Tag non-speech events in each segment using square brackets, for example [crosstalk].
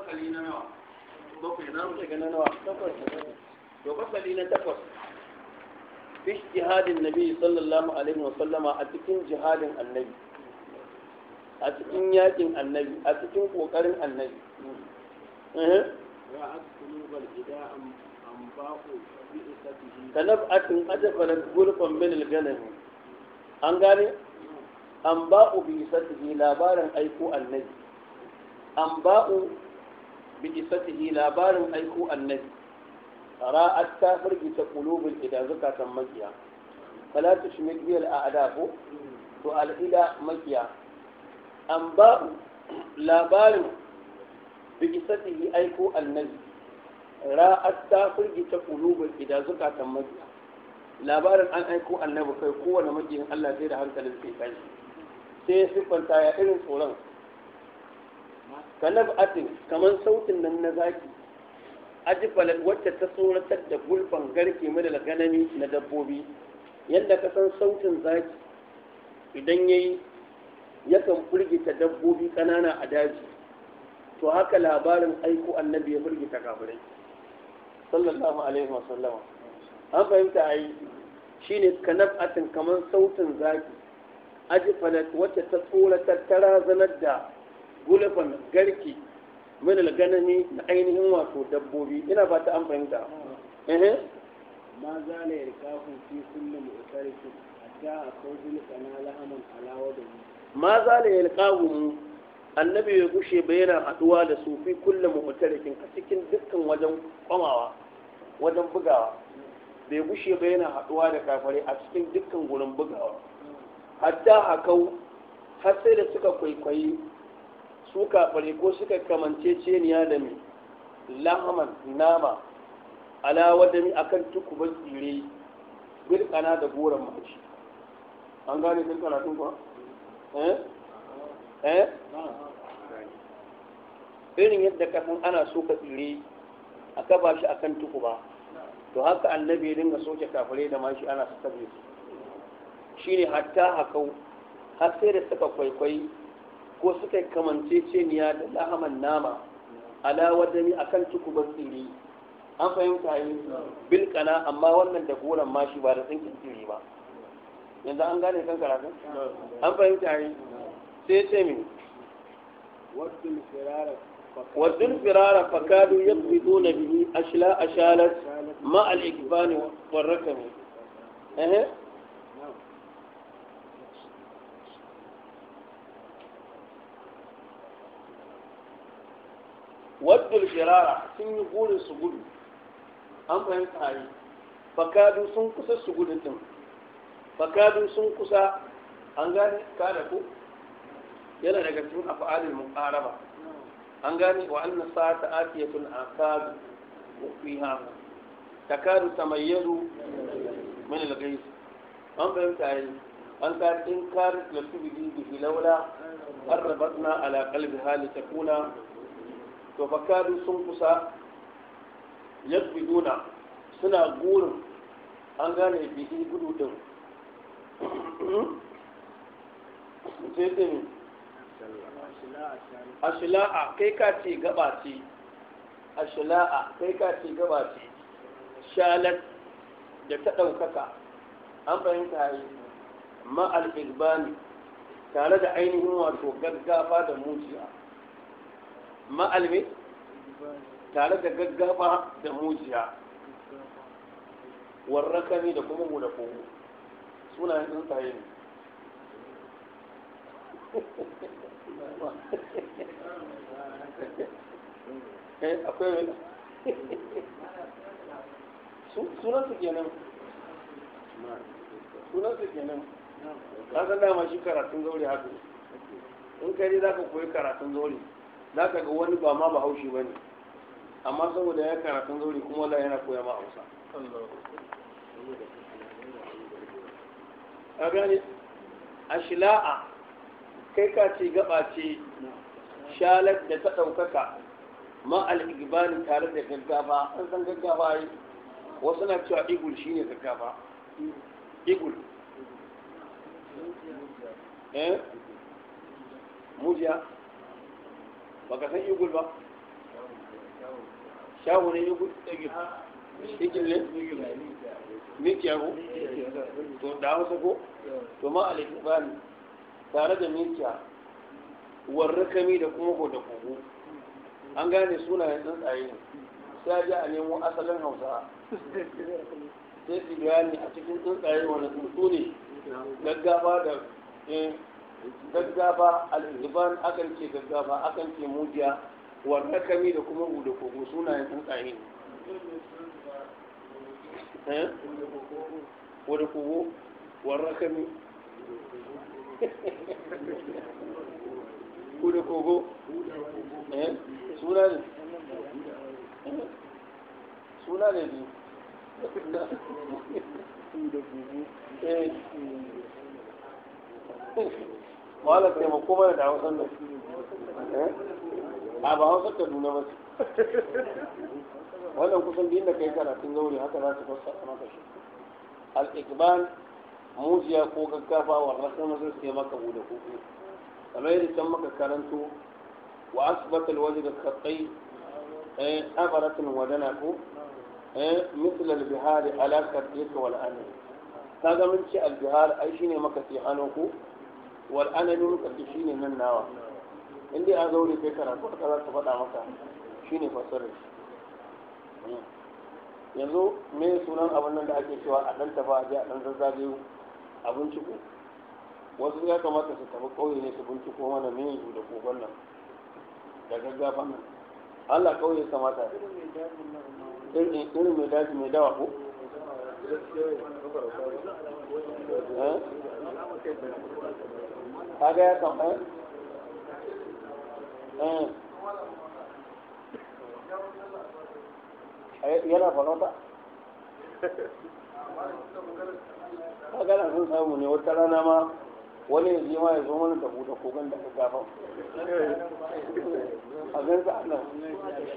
fasali na nawa bakwai na mu shiga na nawa takwas to fasali na takwas fi jihadin nabi sallallahu alaihi wa sallama a cikin jihadin annabi a cikin yakin annabi a cikin kokarin annabi ka nab'atin ajabalat gurfan min al ganin. an gane an ba'u bi isatihi labarin aiko annabi an ba'u bi'isatihi labarin aiko annabi ra'at firgita qulubul ida zakatan makiya fala tushmit bil a'da ko to al ida an ba labarin bi'isatihi aiko annabi ra'at firgita ida labarin an aiko annabi kai kowane makiyin Allah zai da hankalin sai kai sai ya siffanta ya irin tsoron kalab atin kamar sautin nan na zaki ajibalat wacce ta tsoratar da gulfan garke da ganami na dabbobi yadda ka san sautin zaki idan yayi yakan firgita dabbobi ƙanana a daji to haka labarin aiko annabi ya firgita kafirai sallallahu alaihi wasallama an fahimta a yi kanab atin kamar sautin zaki ajifalat wacce ta tsoratar ta razanar da gulafan garki min alganami na ainihin wato dabbobi ina ba ta amfani fahimta eh ma za la yarkahu fi kulli mu'tarikin hatta akawdil kana lahamun alawa da ma za la mu? annabi ya gushe ba yana haduwa da su fi kulli mu'tarikin a cikin dukkan wajen kwamawa wajen bugawa bai gushe ba yana haduwa da kafare a cikin dukkan gurin bugawa hatta hakau har sai da suka kwaikwayi su kafare ko suka kamance ceniya da mai lahaman nama ala wadami akan tukuba tsire birkana da goron mace an gane sun karatun kuwa eh eh irin yadda kafin ana so ka tsire a kaba shi akan tukuba to haka annabi ya dinga soke kafare da mashi ana sakabe shi shine hatta hakau har sai da suka kwaikwayi ko suka yi kamance ceniya da lahaman nama ala wadani kan tukubar tsiri an fahimta yi bilkana amma wannan da goran mashi ba da tsinkin tsiri ba yanzu an gane kan karatun an fahimta yi sai ya ce min waddun firara fakadu ya fito na biyu ashila ashalas ma al-ikbani warrakami waddul shirara sun yi burin su gudu an fahimta hari fakadu sun kusa su gudu din fakadu sun kusa an gane kada ku. yana daga cikin af'alil muqaraba an gane wa anna sa'ata atiyatun akadu fiha takadu tamayyazu min al-ghayth an fahimta hari an ta in kar la tubidi bi lawla قربتنا على قلبها لتكون to fakadu sun kusa yakbiduna suna gurin an gane bihi gudu din a shila'a kai ka ce gaba ce ashila'a kai ka ce gaba ce shalat da ta ɗaukaka an fahimta yi ma'al igbani tare da ainihin wato gaggafa da mujiya ma'almi tare da gaggaba da mujiya warrakami da kuma mu da kogo sunayen tsuntsaye ne [laughs] eh, akwai sunan su kenan sunan su kenan ka san dama shi karatun zauri haka in kai za ka koyi karatun zauri za ka ga wani ba ma ba haushi ba ne amma saboda ya karatun zauri kuma wala yana koya ma hausa a a shila'a kai ka ce gaba ce shalar da ta ɗaukaka ma al'igibani tare da gaggafa an san gaggafa yi wasu na cewa igul shi ne gaggafa igul eh mujiya baka san igul ba shawo ne igul igul ne mikiya ko to da wasu ko to ma alifani tare da mikiya kami da kuma ko da kogo an gane sunayen tsuntsaye ne sai ji a nemo asalin hausa sai su gane a cikin tsuntsaye wani tsuntsu ne gaggaba da eh, gaggafa al'iban akan ce gaggafa akan ce mujiya kami da kuma huda kogo sunayen tsuntsaye ne wadda eh? kogo kami huda kogo eh? suna ne suna ne ne huda kogo eh. wala taimako mana da hausan nan eh? a ba hausar ta nuna masu wannan kusan biyun da inda kai karatun zaure haka za su a maka shi al-iqbal mujiya ko gaggafa wa rasul masu sai maka bude kuku kamar yadda can maka karanto wa asbatal wajh da khatai eh abaratun wadana ko eh mithl al-bihar ala kadrika wal anil kaga mun ci al-bihar ai shine maka sai hano ko wal'anani anabi muka shi ne nan nawa in dai an zaure kai karatu aka za su faɗa maka Shi ne shine shi. yanzu me sunan abin nan da ake cewa a ɗan tafa a je a ɗan zazzage a binciko wasu ya kamata su tafi ƙauye ne su binciko mana me yanzu da kogon nan da gaggafan nan Allah ƙauye kamata irin mai daji mai dawa ko eh kaga ya kan eh. Eh, yana farauta magana sun samu ne wata rana ma wani yanzu ma ya zo mana da kogon da ka gafan a gan sa ana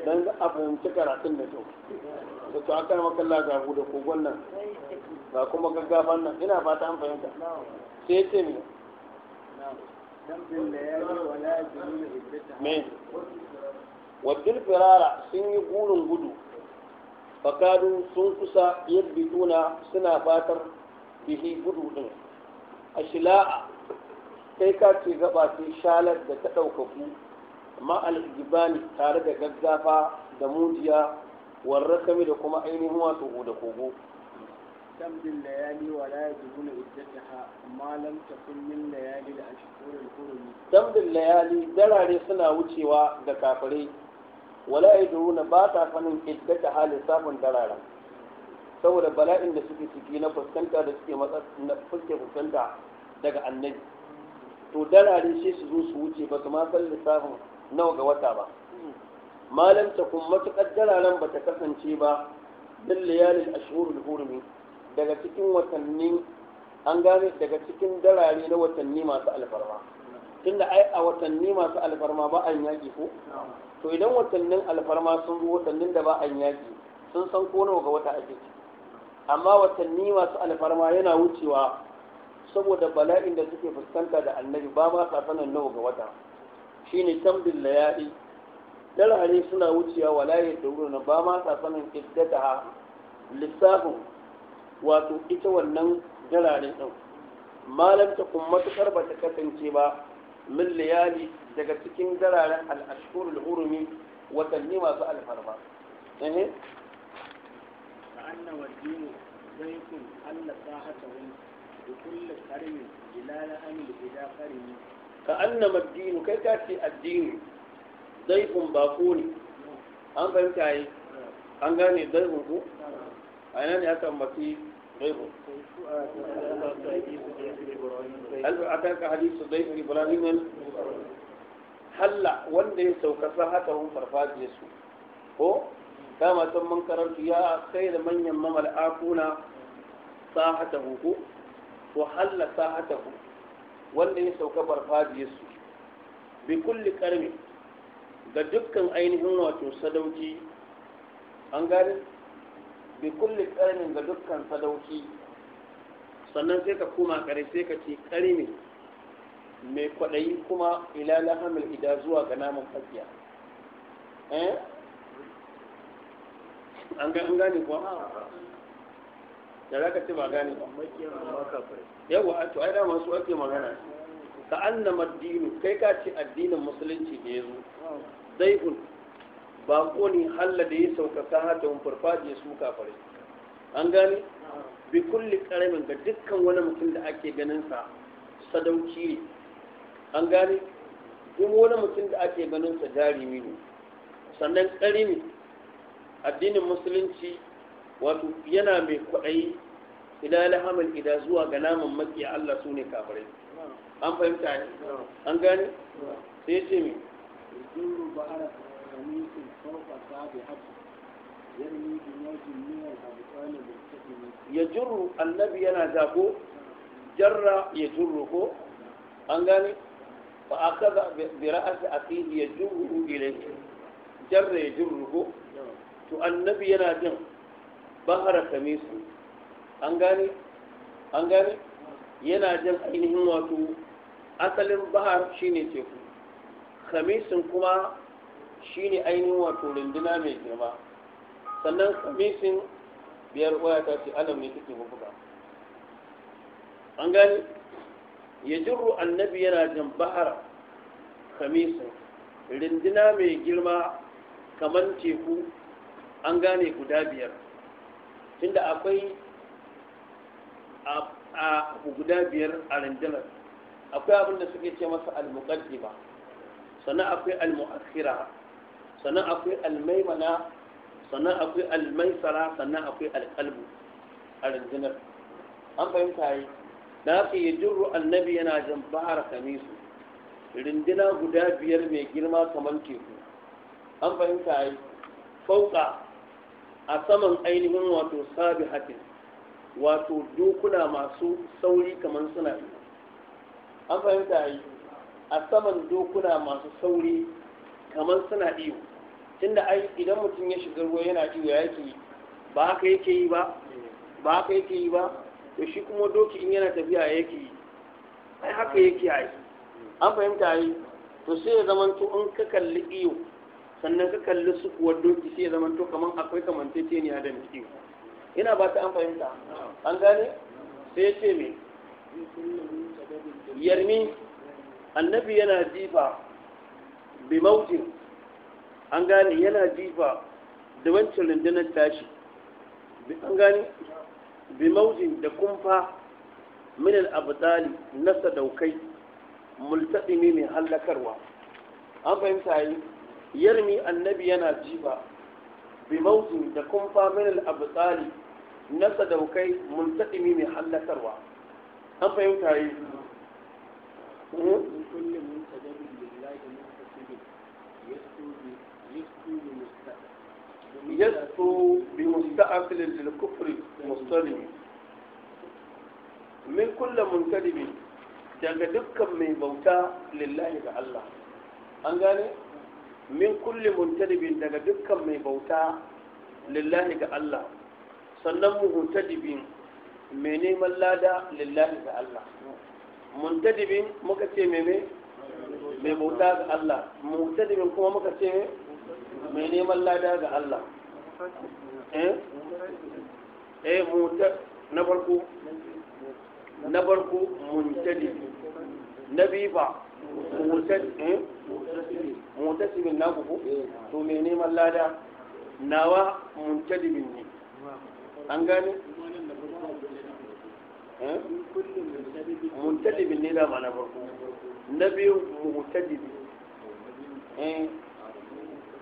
dan a fahimci da kyau da to aka maka Allah ga buɗe kogon nan ga kuma gaggafan nan ina an fahimta me wajen firara sun yi gurin gudu fakadu sun kusa yadda tuna suna fatar bihi gudu din a shila'a kai ka ce gaba sai shalar da ta ɗaukaku ma'al gibani tare da gaggafa da mujiya warra kami da kuma ainihin wato da kogo تمضي الليالي ولا يجدون عدتها ما لم تكن من ليالي الأشهر الحرم تمضي الليالي دراري سنة وشيوا دكافري ولا يدرون باتا فن عدتها لسافن درارا saboda bala'in da suke ciki na fuskanta da suke na fuske fuskanta daga annabi to dalare shi su zo su wuce ba su ma san lissafin nawa ga wata ba malam ta kun matuƙar dalaren ba ta kasance ba dal layalin ashhurul hurum daga cikin watanni an gane daga cikin darare na watanni masu alfarma tunda ai a watanni masu alfarma ba an yaƙi ko to idan watannin alfarma sun zo watannin da ba an yaƙi sun san ko nawa ga wata ake amma watanni masu alfarma yana wucewa saboda bala'in da suke fuskanta da annabi ba ma sa sanin nawa ga wata shine tambin layali darare suna wucewa wala ya dauro na ba ma sa sanin iddataha lissafin wato ita wannan dirare ɗin malam ta kuma matuƙar ba ta kasance ba min liyali daga cikin dararen al'ashkurul hurumi watanni masu alfarma eh anna wajibu zaitun alla sahatahu bi kulli qarni ila la'amil ila qarni ka anna madinu kai ka ce addini zaitun bako ne an fahimta yi an gane zaitun ku a nan ne aka mafi ضيف هل أتاك حديث ko إبراهيم هلا وندي سوكسا حتى هم فرفاج يسو هو كما تم من يا خير من يمم الآفون ساحته هو وحل ساحته وندي سوك su bi بكل كرم ga dukkan ainihin wato sadauki an gane bi kulli karnin ga dukkan sadauki sannan sai ka koma kare sai ka ce karni mai kwaɗayi kuma ila lahamil ida zuwa ga naman fakiya eh an gane kuwa da za ka ce ba gane ba yawa to ai dama su ake magana ka annama dinu kai ka ce addinin musulunci da ya zo zai'un bako ne halla da ya sauka farfaji ya suka kafare an gane bi kulli karamin ga dukkan wani mutum da ake ganin sa sadauki ne an gane kuma wani mutum da ake ganin sa jarimi ne sannan karimi addinin musulunci wato yana mai kwaɗayi ila lahamal ida zuwa ga naman a Allah su ne kafirai an fahimta ne an gane sai ce mai قميص فوق أصابع حبل يرمي بناج من الأبطال مرتحما يجر النبي أنا ذاكو جر يجره أنقاني فأخذ برأس أخيه يجره إليه جر يجره to النبي yana jin bahara kamisu أنقاني gane yana jin ainihin wato asalin bahar shine teku kamisin kuma Shi ne ainihin wato rinduna mai girma sannan kamisin biyar waya ta ce alam ne take mafuka an gani ya jirru annabi yana jan bahar kamisin rinduna mai girma kamar teku an gane guda biyar tunda akwai a guda biyar a rindunar, akwai abin da suke ce masa al-muqaddima sannan akwai al sannan akwai almaimana sannan akwai almaisara sannan akwai alkalbu a rundunar an fahimta yi na fi yi jirru annabi yana jan bahar kamisu runduna guda biyar mai girma kamar teku an fahimta yi fauka a saman ainihin wato sabi hatin wato dokuna masu sauri kamar suna an fahimta yi a saman dokuna masu sauri kamar suna iyo tunda ai idan mutum ya shiga ruwa yana ji ya ke ba haka yake yi ba ba haka yake yi ba to shi kuma doki in yana tafiya yake yi ai haka yake yi an fahimta ai to sai ya zama to in ka kalli iyo sannan ka kalli su kuwa doki sai ya zama to kamar akwai kamantaceniya da iyo ina ba ta an fahimta an gane sai ya ce me yarmi annabi yana jifa bimautin an gane yana jifa da wancan rundunar tashi an gane bi maujin da kumfa minin abu abdali na sadaukai ne mai hallakarwa an fahimta yi yarmi annabi yana jifa bi maujin da kumfa minin abu abdali na sadaukai ne mai hallakarwa an fahimta yi يسطو بمستعفل للكفر مصطلم من كل منتدب daga dukkan mai bauta لله ga Allah an gane min kulli muntadibin daga dukkan mai bauta Allah sannan muntadibin mai neman lada lillahi ga Allah muntadibin muka ce meme mai bauta ga Allah muntadibin kuma muka ce mai neman lada ga Allah eh eh ta na farko na farko muntadi na biyu ba mutasibin eh? na ku to me ne lada nawa muntadibin ne an gane eh? muntadibin ni da ba na farko na biyu eh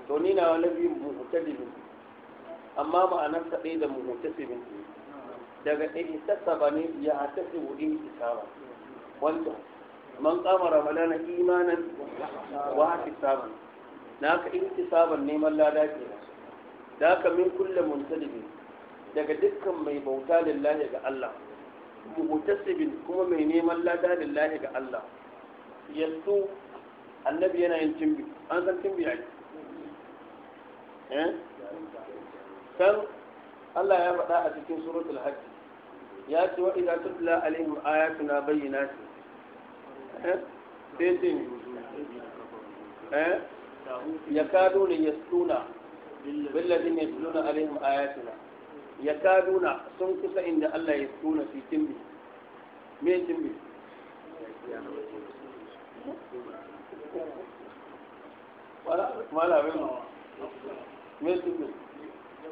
to ni na na biyu mutadibin amma ma'anar sa ɗaya da muhtasibin daga ihtasaba ne ya su su saba. wanda man kama ramadana imanan wa ihtisaban ci ihtisaban neman lada ke da ka min kullu muntalibi daga dukkan mai bauta lillahi ga Allah bin kuma mai neman lada lillahi ga Allah yanzu annabi yana yin timbi an san timbi ai eh كان الله يا مدى أتكين سورة الحج ياتي وإذا تتلى عليهم آياتنا بينات تيتين يكادون يسلون بالذين يسلون عليهم آياتنا يكادون سنكس إن الله يسلون في تنبي مين تنبي ولا ولا بينه مين تنبي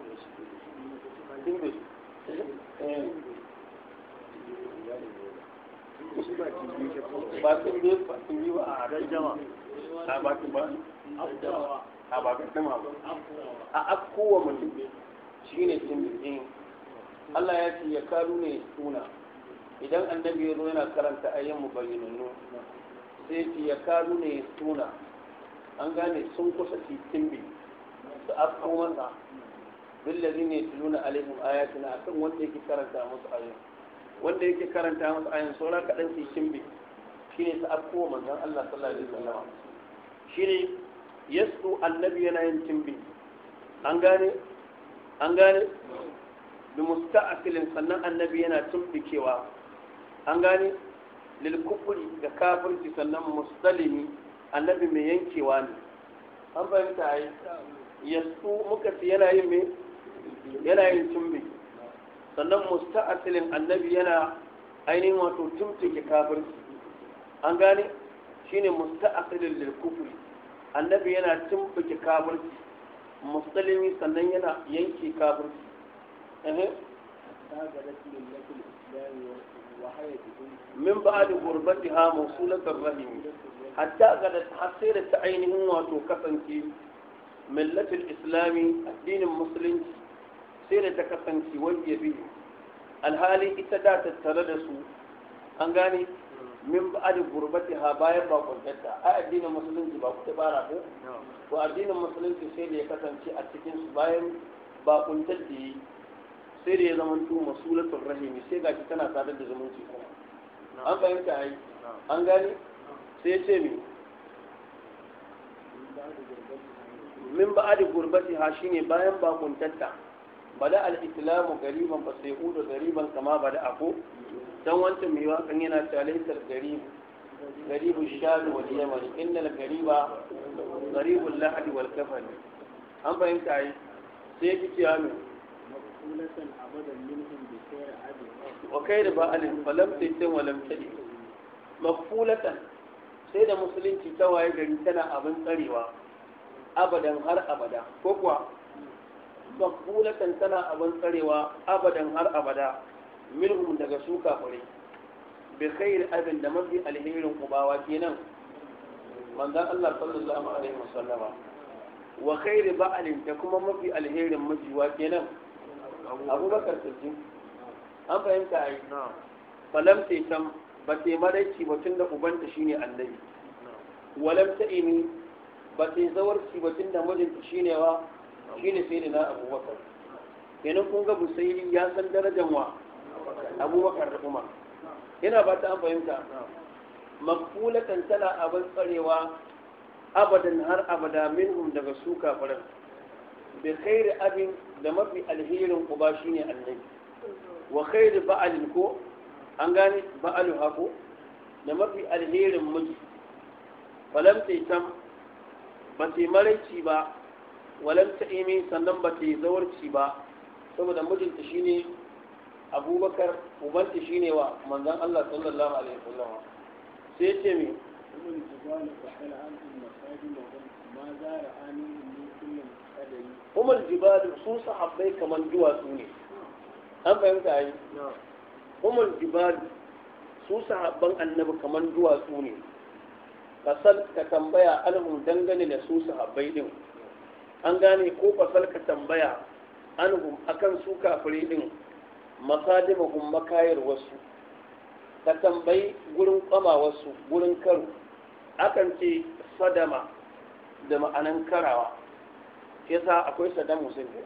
ba a ran jama a ba ba a ba a mutum Allah ya ce ya kalu ne suna idan annabi ya zo yana karanta ayyan mubayyinannu sai ce ya kalu ne suna an gane sun kusa titin su afko masa billazi ne tuluna alaihim ayatina akan wanda yake karanta musu ayoyin wanda yake karanta musu ayoyin saura kaɗan su kimbe shi ne ta afkowa manzan Allah sallallahu alaihi wasallam shi ne annabi yana yin kimbe an gane an gane bi musta'asilin sannan annabi yana tumbikewa an gane lil kufri da kafirci sannan mustalimi annabi mai yankewa ne an fahimta yi yasu muka ci yana yin mai yana yin tumbi sannan musta'asilin annabi yana ainihin wato tumtuke kafirci an gane shine musta'asilin da kufri annabi yana tumtuke kafirci musulmi sannan yana yanke kafirci eh min ba'di qurbatiha mawsulatan rahim hatta gadat da ta ainihin wato kasance millatul islami addinin musulunci sai da ta kasance wani bi alhali ita da tattare da su an gane min ba ba'adi gurbati ha bayan ba kwantarta a addinin musulunci ba ku tabara ko Ko addinin musulunci sai da ya kasance a cikin su bayan ba kwantarta yi sai da ya zama tu masulatul rahimi sai gashi tana sadar da zumunci kuma an fahimta ai an gane sai ce mi min ba'adi gurbati ha shine bayan ba kuntarta bada al-islamu gariban ba sai hudu gariban kama ba da ako don wancan mai wakan yana talaitar garibu garibu shadu wal yaman innal gariba garibul Lahadi, wal kafan an fahimta yi sai yake cewa mai wa kai da ba'alin falam sai sai walam tadi mafulatan sai da musulunci ta waye gari tana abin tsarewa abadan har abada ko kuwa makbulatan tana abin tsarewa abadan har abada minhum daga su kafirai bi khair abin da mafi alherin ubawa kenan manzon Allah sallallahu alaihi wasallama wa khair ba'alin ta kuma mafi alherin mijiwa kenan Bakar siddiq an fahimta ai falam sai tam ba sai madaici ba tunda ubanta shine annabi walam ta'imi ba sai zawarci ba tunda mijinta shine wa shine sai na abubakar kenan kun ga busairi ya san darajar wa abubakar da umar yana ba ta an fahimta maqulatan tana abin tsarewa abadan har abada minhum daga su kafiran bi khairi abin da mafi alherin ba shine annabi wa khairi ba'alin ko an gane ba'alu hako da mafi alherin miji falam tam ba sai maraici ba walam ta'imi sannan ba ta yi zawarci ba saboda mijinta shi ne abubakar ubanta ne wa manzon Allah sallallahu alaihi wasallam sai ce me umar jibalu su sahabbai kamar duwatsu ne an fahimta yi umar jibalu su sahabban annabi kamar duwatsu ne ka tambaya alhum dangane da su sahabbai din an gane ko fasalka tambaya anhum akan su kafirai din masadimahum makayar wasu ka tambayi gurin kwama wasu gurin karo akan ce sadama da ma'anan karawa yasa akwai sadam musulmi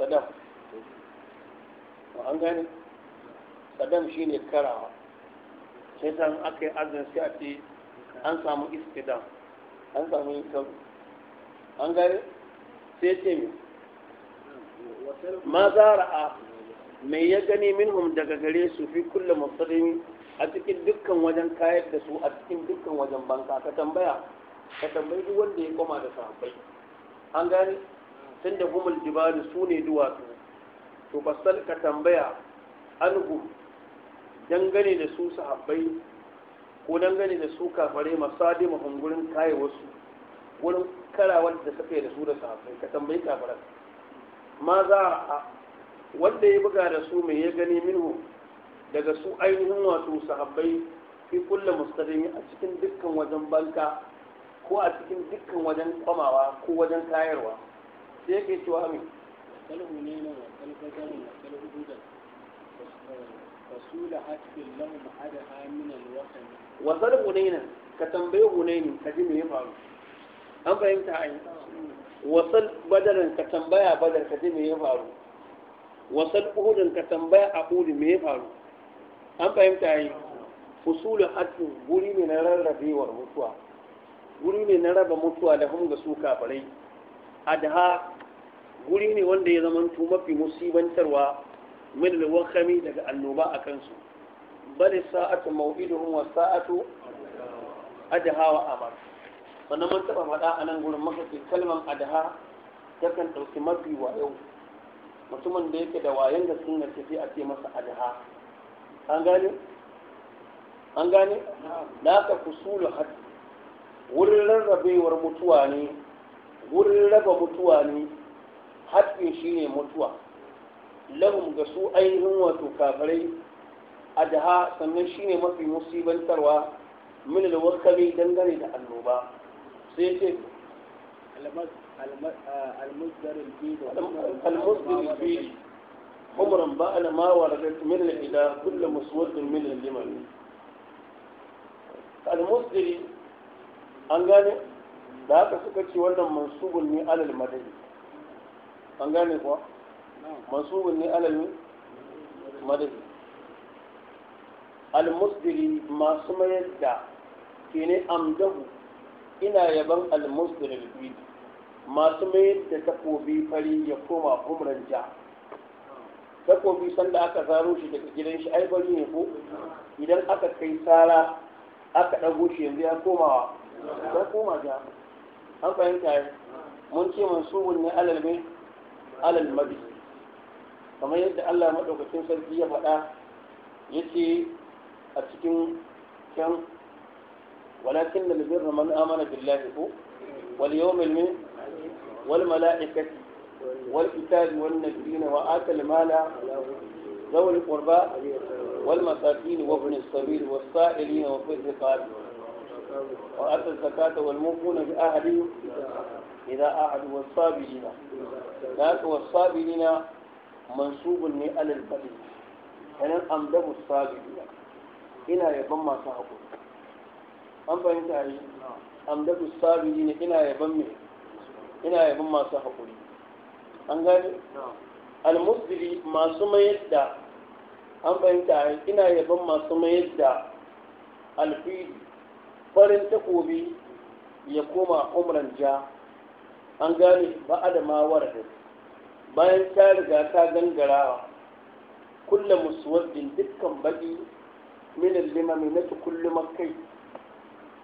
sadam an gane sadam shine karawa sai san aka yi azan sai a ce an samu istidam an samu yin karo an gane sai ce ra'a mai ya gani minhum daga gare su fi kulle musulmi a cikin dukkan wajen kayar da su a cikin dukkan wajen banka ka tambaya ka tambayi duk wanda ya koma da sahabbai an gane tun da humul jibalu su ne duwatsu to basal ka tambaya anhu dangane da su sahabbai ko dangane da su kafare masadi mahungurin kaye wasu wurin kara wanda suka yi da su da sahabbai ka tambayi kafara ma za a wanda ya buga da su mai ya gani minhu daga su ainihin wato sahabbai fi kulla mustadimi a cikin dukkan wajen banka ko a cikin dukkan wajen kwamawa ko wajen tayarwa sai yake cewa min kalhu ne na kalbadan na kalhudan rasula hatfin lahum adaha min alwatan wa zarhu ne ka tambaye hunaini ka ji me ya faru an fahimta a yi wasan badarin ka tambaya badar ka ji me ya faru wasan uhudin ka tambaya a uhudin me ya faru an fahimta a yi usulun hatu guri ne na rarrabewar mutuwa guri ne na raba mutuwa da hunga su kafirai adha guri ne wanda ya zama mafi musibantarwa min alwakami daga annoba a kansu bal sa'atu maw'iduhum wa sa'atu adha wa sannan mun taɓa faɗa a nan gurin maka ce kalmar adaha takan ɗauki mafi wayo mutumin da yake da wayan da sun gaske sai a ce masa adaha an gane an gane da aka kusulu hadd wurin rarrabewar mutuwa ne wurin raba mutuwa ne haɗin shi ne mutuwa lahum ga su ainihin wato kafirai adaha sannan shi ne mafi musibantarwa min alwakali dangane da annoba sai ce المصدر الفيل حمرا بأل ما وردت من الإله كل مسود من الجمل المصدر an gane da haka suka ce wannan mansubun ne alal madani an gane kuwa mansubun ne alal madani al-musdiri masu mayar da ke ne amdahu ina yaban almuslim bi masu mai da takobi fari ya koma umran ja takobi sanda aka zaro shi daga gidan shi ai bari ne ko idan aka kai sara aka dago shi yanzu ya koma ya koma ja an fahimta ya mun ce mansubun ne alal mai alal mabi kamar yadda Allah madaukakin sarki ya faɗa yace a cikin can ولكن البر من آمن بالله هو واليوم المن والملائكة والكتاب والنبيين وآتى المال ذوي القربى والمساكين وابن السبيل والسائلين وفي الرقاب وآتى الزكاة والموفون بأهلهم إذا أعدوا والصابرين ذاك والصابرين منصوب أهل البلد أنا أمدب الصابرين إلى يضم صاحبه an fahimta yi amdadu sabiri ne ina yaban mai ina yaban masu haƙuri an gane almusdiri masu mayar da an fahimta yi ina yaban masu mayar da alfili farin takobi ya koma umran ja an gane ba adama warda bayan ta riga ta gangarawa kulla musuwaddin dukkan baƙi min al-limami na tukullu makai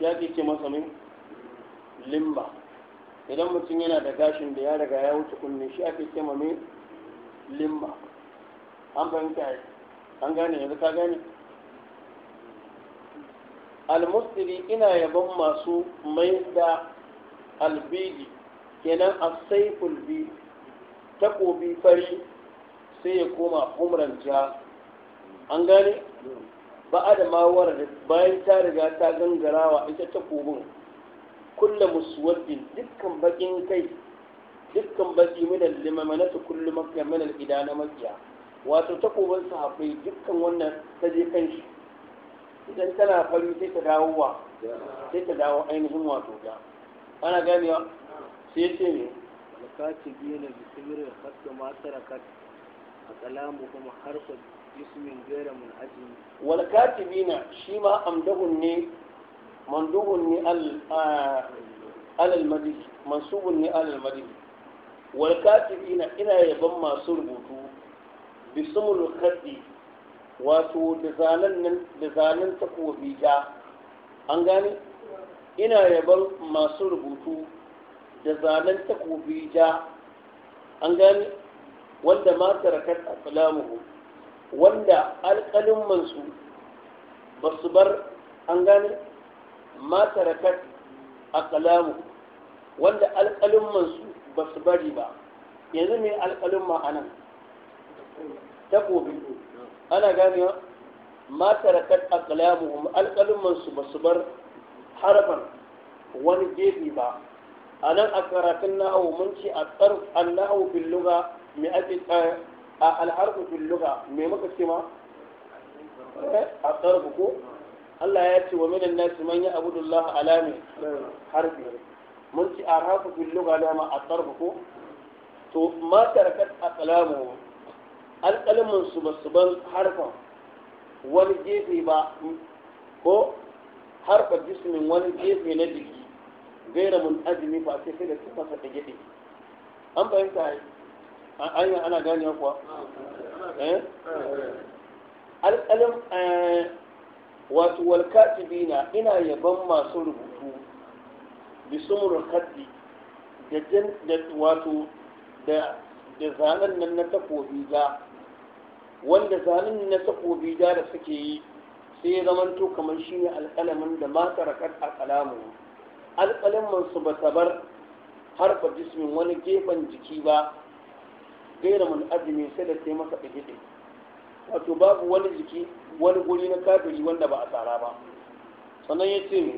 shi ake ce masa min limba idan mutum yana da gashin da ya riga ya wuce kunne shi ake ce ma min limba an fahimta an gane yanzu ka gane almustiri ina yabon masu mai da albidi kenan a sai bi takobi fari sai ya koma umran ja an gane ba da mawar da bayan ta riga ta gangarawa ita ta kogin kulla muswaddin dukkan bakin kai dukkan baki min al ta kullu makka mana al-idana makiya wato takoban akwai dukkan wannan ta je kan shi idan tana fari sai ta dawo wa sai ta dawo ainihin wato ga ana ganewa sai ce ne malaka ci biyu na bisimir hatta ma a kalamu kuma harfa ismin gaira munhazim wal katibina shi ma amdahun ne mandubun ne alal madhi mansubun ne alal madhi wal katibina ina yaban masu rubutu bismul khatti wato da zanen nan da zanen takobi ja an gane ina yaban masu rubutu da zanen takobi ja an gane wanda ma tarakat aqlamuhum wanda alƙalinmansu ba su bar an gane matarakat a kalamu wanda alƙalinmansu ba su bari ba yanzu mai alƙalin ma'anan takobi ana ganewa matarakat a kalamu alƙalinmansu ba su bar harfan wani gefe ba a nan a karatun nahawu mun ce a tsarf an nahawu bin luga mai ake eh, tsaya a alharfu fil lugha me muka ce ma eh, a tsarfu ko Allah ya ce wa minan nas man ya abudullah alami harfi mun ci arhafu fil lugha da ma a tsarfu ko to ma tarakat aqlamu alqalamun su basuban harfan wani gefe ba ko harfa jismin wani gefe na jiki gaira mun azumi ba sai da su fasa dage dage an fahimta ayin ana gane kuwa eh alƙalam eh, wato na ina yaban masu rubutu bisumur khaddi da wato da da zanen nan na takobi da wanda zanen na takobi da da suke yi sai ya zamanto kamar shi ne alƙalamin da mata rakar alƙalamu alƙalamin su ba bar harfa jismin wani gefen jiki ba gaira mun azumi sai da sai masa ɗigidi wato babu wani jiki wani guri na kafiri wanda ba a tsara ba sannan ya ce mu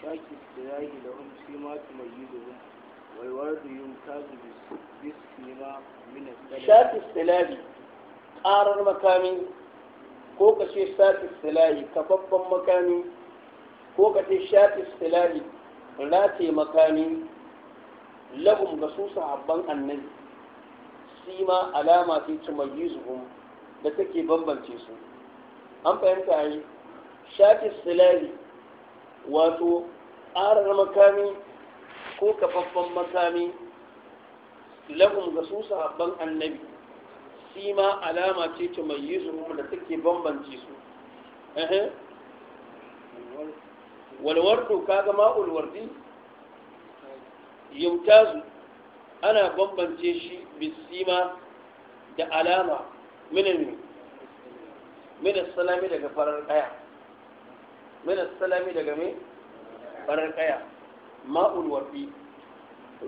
shaki da yayi da hun fi ma tu mai yi domin walwardu yun tazu bis fi ma min shaki silahi ƙarar makami ko ka ce shaki silahi kafaffan makami ko ka ce shaki silahi rataye makami lahum ga su sahabban annabi sima alama ce ta mayyizuhum da take bambance su an fahimta yi shafi silali wato ƙarar makami ko kafaffan makami lahum ga su sahabban annabi sima alama ce ta mayyizuhum da take bambance su walwardu kaga ma'ul wardi yumtazu ana bambance shi bisima da alama minin minas salami daga farar kaya minas salami daga mai farar kaya ma'ul warfi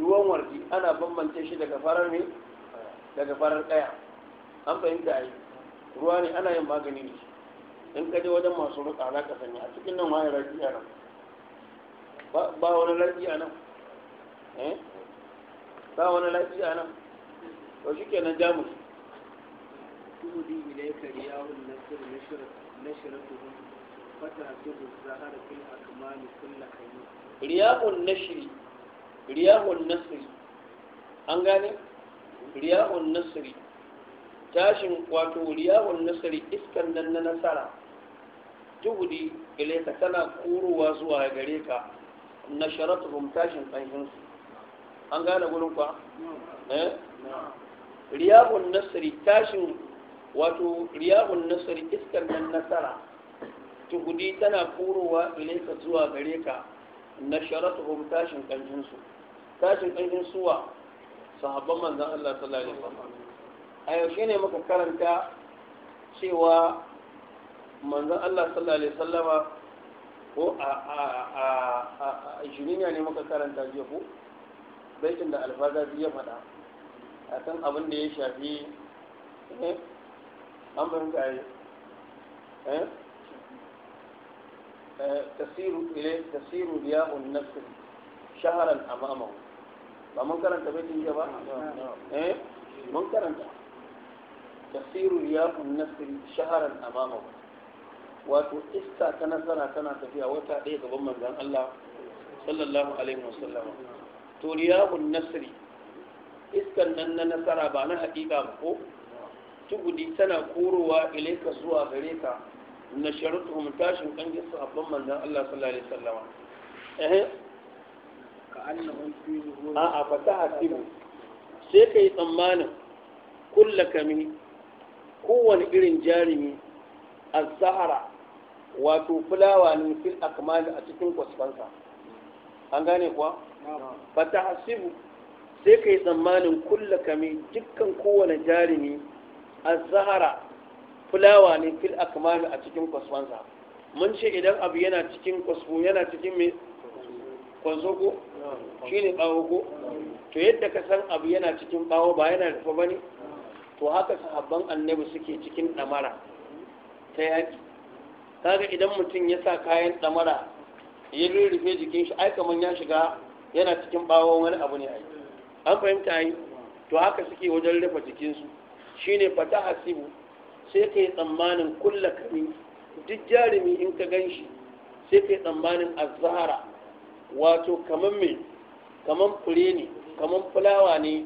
ruwan warfi ana bambance shi daga farar ne daga farar kaya an fahimta a yi ruwa ne ana yin magani ne in ka je wajen masu ruka za ka sanya a cikin nan wani rafi a nan ba wani rafi a nan eh ba wani lafiya nan to shi kenan jamus تهدي إليك رياء النسر an gane nasiri tashin wato riya'un nasiri iskan nan na nasara tuhudi ilaika tana korowa zuwa gare ka na sharatuhum tashin ƙanshinsu an gane gurin kwa Riyabun riyahun tashin wato riyahun nasri iskar nan nasara tuhudi tana kurowa ilaika zuwa gare ka nasharatuhum tashin kanjin su tashin kanjin suwa sahabban manzon Allah sallallahu alaihi wasallam a yaushe ne muka karanta cewa manzon Allah sallallahu alaihi wasallama ko a a a a ne muka karanta jiya ko baitin da zai ya faɗa a kan abin da ya shafi eh, an fahimta yi eh, eh, tasiru ile tasiru riya'un nafsi shaharan amamahu ba mun karanta baitin ya ba eh mun karanta tasiru riya'un nafsi shaharan amamahu wato iska ta nasara tana tafiya wata ɗaya gaban manzon Allah sallallahu alaihi wasallama to riyahun nasiri iskan nan na nasara ba na haƙiƙa ba ko tugudi tana korowa ilaika zuwa gare ka na sharutuhum tashin kangin sahabban manzon Allah sallallahu alaihi wasallama eh ka annahum fi zuhur a a fataha tibu sai kai tsammanin mi kowane irin jarumi az-zahara wato fulawa ne fil akmal a cikin kwasfansa an gane kuwa ba ta hasibu sai ka yi tsammanin kulla kame dukkan kowane jarumi a zahara fulawa ne fil akmami a cikin kwasfansa mun ce idan abu yana cikin kwasfo yana cikin mai kwanzo ko shi ne bawo ko to yadda ka san abu yana cikin bawo ba yana rufe ba ne to haka sahabban annabi suke cikin ɗamara ta yaƙi kaga idan mutum ya sa kayan ɗamara ya rurrufe jikin shi ai kamar ya shiga yana cikin bawon wani abu ne ai an fahimta ai to haka suke wajen rufe jikinsu shine fata hasibu sai ka yi tsammanin kulla kami duk jarumi in ka gan shi sai ka yi tsammanin azahara wato kaman mai kaman fure ne kaman fulawa ne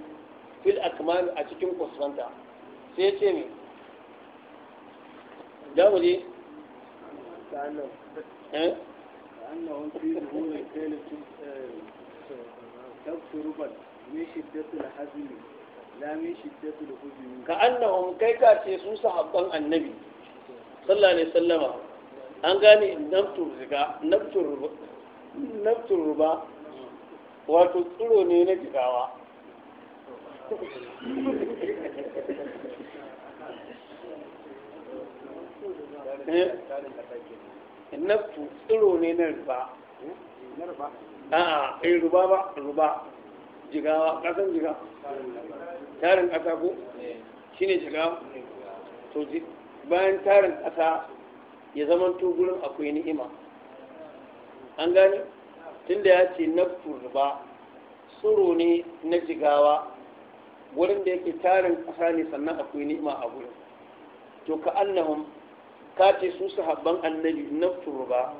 fil akmal a cikin kusuranta sai ce eh? ne da waje eh tabsuruban ka annahum kai ka ce su sahabban annabi sallallahu alaihi wasallama an gane namtu riga namtu ruba ruba wato tsuro ne na eh, naftu tsiro ne na riba eh, a'a eh ruba ba ruba jigawa kasan jiga tarin kasa ko shine jigawa to bayan tarin kasa ya zama to gurin akwai ni'ima an gane tunda ya ce na ruba tsoro ne na jigawa wurin da yake tarin kasa ne sannan akwai ni'ima a gurin to ka annahum ka ce su haɓɓan annabi na ruba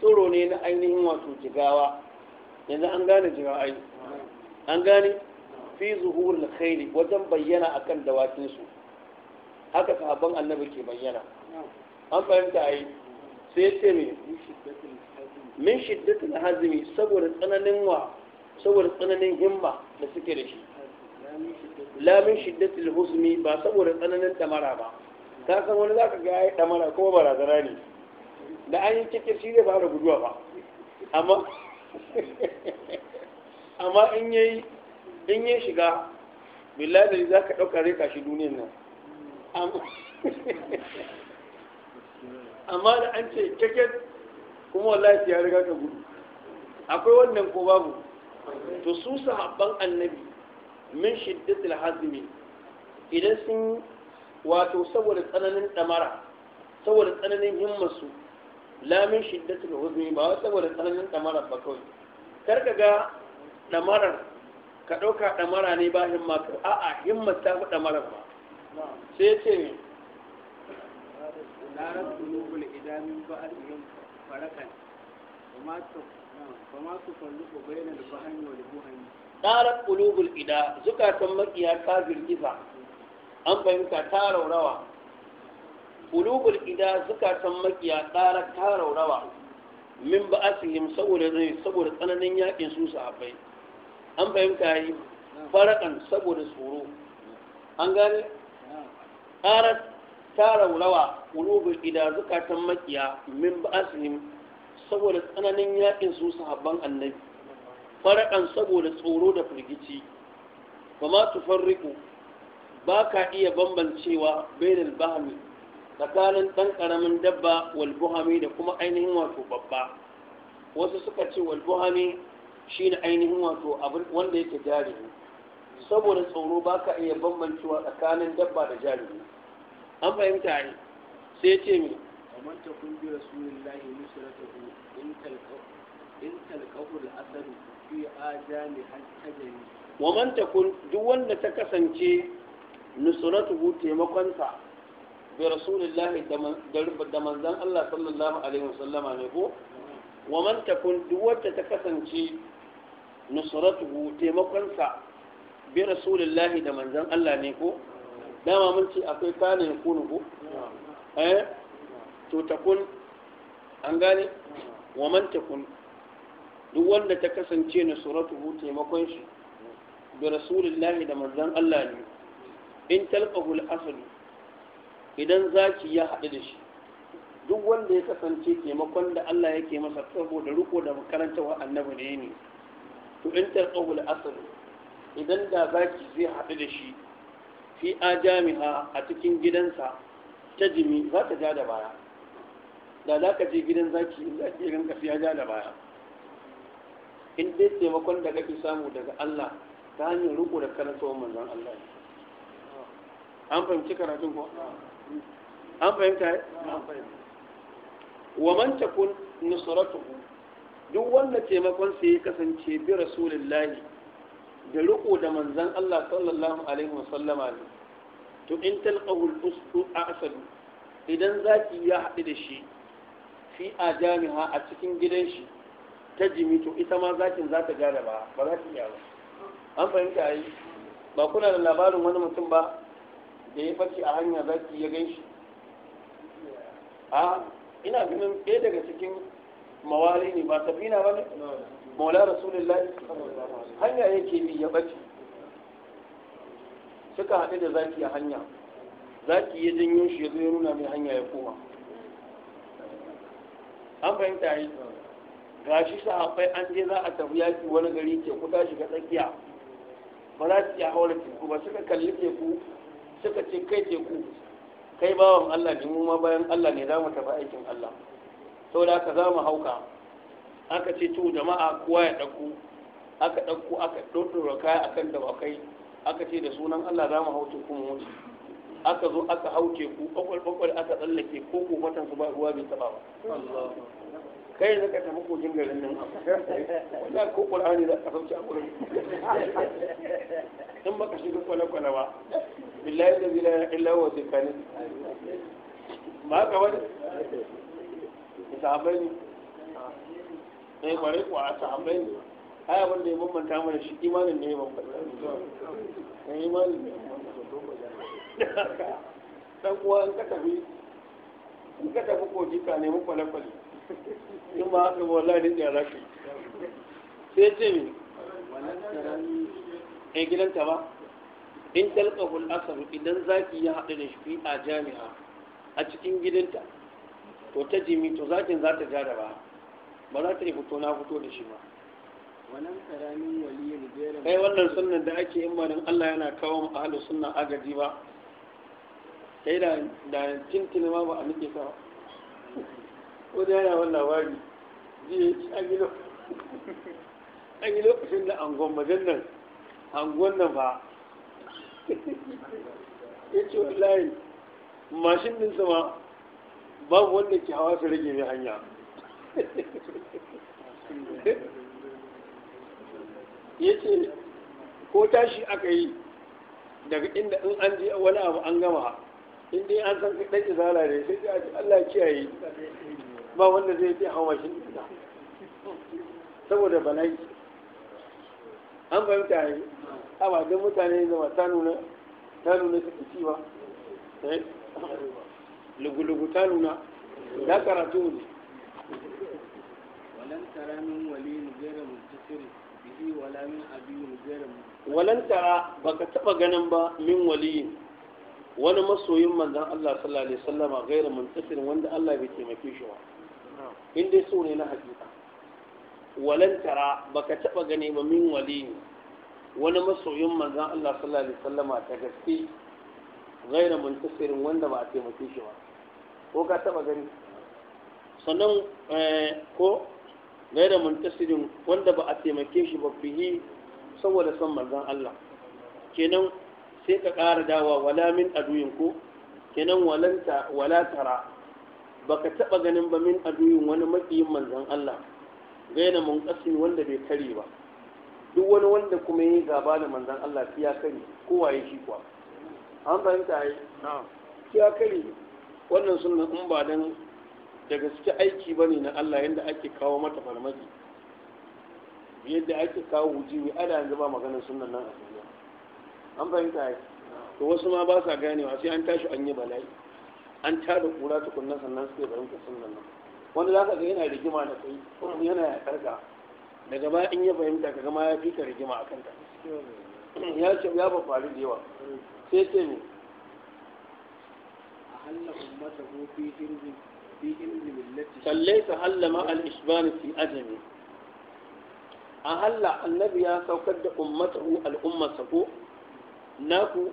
tsoro ne na ainihin wato jigawa yanzu an gane cewa ai an gane fi zuhurul khairi wajen bayyana akan dawakin su haka sahabban annabi ke bayyana an fahimta ai sai ce me min shiddatul hazmi saboda tsananin wa saboda tsananin himma da suke da shi la min shiddatul husmi ba saboda tsananin tamara ba ka san wani zaka ga yayi tamara ko barazana ne da an yi kike shi zai fara guduwa ba amma [laughs] amma in yi ya shiga billahi za ka ɗauka zai kashi duniyan nan [laughs] amma da an ce keket kuma wallahi ya riga ka gudu akwai wannan ko babu to su sahabban annabi min shiddatil hazmi idan sun wato saboda tsananin damara saboda tsananin himmarsu lamin shiddatul huzni ba wai saboda tsananin damarar ba kawai kar ka ga damarar ka ɗauka damara ne ba himma ka a'a himma ta fi damarar ba sai ya ce ne larar kulubul ba a yin farakan kuma su kwallo ko bayanar ba'an yau da buhani larar kulubul ida zukatan makiya kafin giza an fahimta ta raurawa qulubul ida suka zukatan makiya tsara ta rawa min ba asihim saboda zai saboda tsananin yakin su su afai an fahimta yi farakan saboda tsoro an gane tsara ta rawa ƙulubin ida suka zukatan makiya min ba asihim saboda tsananin yakin su su habban annabi farakan saboda tsoro da firgici ba ma tufarriku ba ka iya bambancewa bainal bahami tsakanin ɗan ƙaramin dabba walbuhami da kuma ainihin wato babba wasu suka ce walbuhami shi ne ainihin wato wanda yake jarumi saboda tsoro ba ka iya bambancewa tsakanin dabba da jarumi an fahimta ne sai ya ce mi kamar ta kun bi rasulullahi nusratuhu in talqahu in talqahu al-asad fi ajami hajjani wa man takun duk wanda ta kasance nusratuhu taimakonsa bi rasulillahi da manzan Allah sallallahu alaihi wasallama ne ko wa man takun duk wacce ta kasance nusratuhu sa, bi rasulillahi da manzan Allah ne ko dama mun ce akwai kana ya kunu ko eh to takun an gane wa man takun duk wanda ta kasance nusratuhu taimakon shi bi rasulillahi da manzan Allah ne in talqahu al-aslu idan zaki ya haɗu da shi duk wanda ya kasance taimakon da Allah yake masa saboda riko da wa annabi ne ne to in tarqabul asl idan da zaki zai haɗu da shi fi ajamiha a cikin gidansa ta jimi za ta ja da baya da za ka je gidan zaki za ki rinka fi ja da baya in dai taimakon da kake samu daga Allah ta hanyar riko da karantar manzon Allah an fahimci karatun ko an fahimta ya wa man takun nusratuhu duk wanda taimakon sa ya kasance bi rasulillahi da riko da manzan Allah sallallahu alaihi wasallama ne to in talqahu al-usbu asadu idan zaki ya haɗu da shi fi ajamiha a cikin gidan shi ta jimi to ita ma zakin za ta gane ba ba za ta iya ba an fahimta yi ba kuna da labarin wani mutum ba da ya ɓace a hanya za ya gan shi a ina ganin ɗaya daga cikin mawali ne ba safina ba ne maula rasulullahi hanya yake bi ya ɓace suka haɗu da zaki a hanya zaki ya janyo shi ya nuna mai hanya ya koma an fahimta yi ga shi sahabbai an je za a tafi yaki wani gari teku ta shiga tsakiya ba za su iya haura teku ba suka kalli teku suka ce kai teku kai bawan Allah ne ma bayan Allah ne za mu tafi aikin Allah saboda aka za mu hauka aka ce to jama'a kowa ya ɗauko aka ɗauko aka ɗaukura kaya akan dawakai aka ce da sunan Allah za mu hau teku mu wuce aka zo aka hau teku kwakwal aka tsallake ko ko matan su ba ruwa bai taɓa ba kai zaka tafi kogin garin nan wanda ko qur'ani da ka sauke a gurin in baka shiga kwale-kwale ba billahi da bila illa wa tikani ba ka wani sahabbai ne eh kwarai kwa sahabbai ne ai abin da ya bambanta mana shi imanin ne ya bambanta ne eh, imanin ne dan uwa in ka tafi in ka tafi koji ka nemi kwale-kwale in ba haka ba wallahi ne za ka sai ce mi a gidanta ba in talqahul asr idan zaki ya haɗu da shi a jami'a a cikin gidanta to ta jimi to zakin za ta ja da ba ba za ta yi fito na fito da shi ba wannan karamin waliyin jera kai wannan sunnan da ake yin ba Allah yana kawo mu ahlus sunna agaji ba kai da da tintin ma ba a nake ka ko da yana wa labari jiya an yi lokacin da angon majan nan angon nan ba ya ce wallahi mashin din sama babu wanda ke hawa su rage mai hanya ya ce ko tashi aka yi daga inda in an je wani abu an gama inda an san kai ɗan izala ne sai Allah kiyaye ba wanda zai fi hawa shi ɗina saboda bala'i an fahimta yi a ba don mutane zama ta nuna ta nuna ta ci ba eh? lugu-lugu ta nuna ya karatu ne walan tara ba ka taba ganin ba min waliyin wani masoyin manzan Allah sallallahu alaihi wasallama gaira muntasirin wanda Allah bai taimake shi ba in dai so ne na hakika walan tara baka taba gane ba min wali wani masoyin manzon Allah sallallahu alaihi wasallama ta gaske gaira muntasirin wanda ba a taimake shi ba ko ka taba gani sannan eh, ko gaira muntasirin wanda ba a taimake shi ba fihi saboda son manzon Allah kenan sai ka ƙara dawa wala min aduyin ko kenan walanta wala tara baka taba ganin ba min aduyin wani makiyin manzon Allah gaina mun munqasin wanda bai kare ba duk wani wanda kuma yayi gaba da manzon Allah ya kare kowa ya shi kuwa an fahimta ai ya kare wannan sunan in ba dan da gaske aiki bane na Allah yanda ake kawo mata farmaki yadda ake kawo wujibi ana yanzu ba maganar sunan nan a duniya an fahimta ai to wasu ma ba sa ganewa sai an tashi an yi bala'i an da kura tukunan sannan suke barin kasan nan wanda za ka ga yana rigima da kai kuma yana ya karga daga baya in ya fahimta ka gama ya fika rigima a kanta ya ce ya ba faru da yawa sai ce ne kalle ta hallama al-ishbani fi ajami a halla annabi ya saukar da ummatahu al'ummata ko naku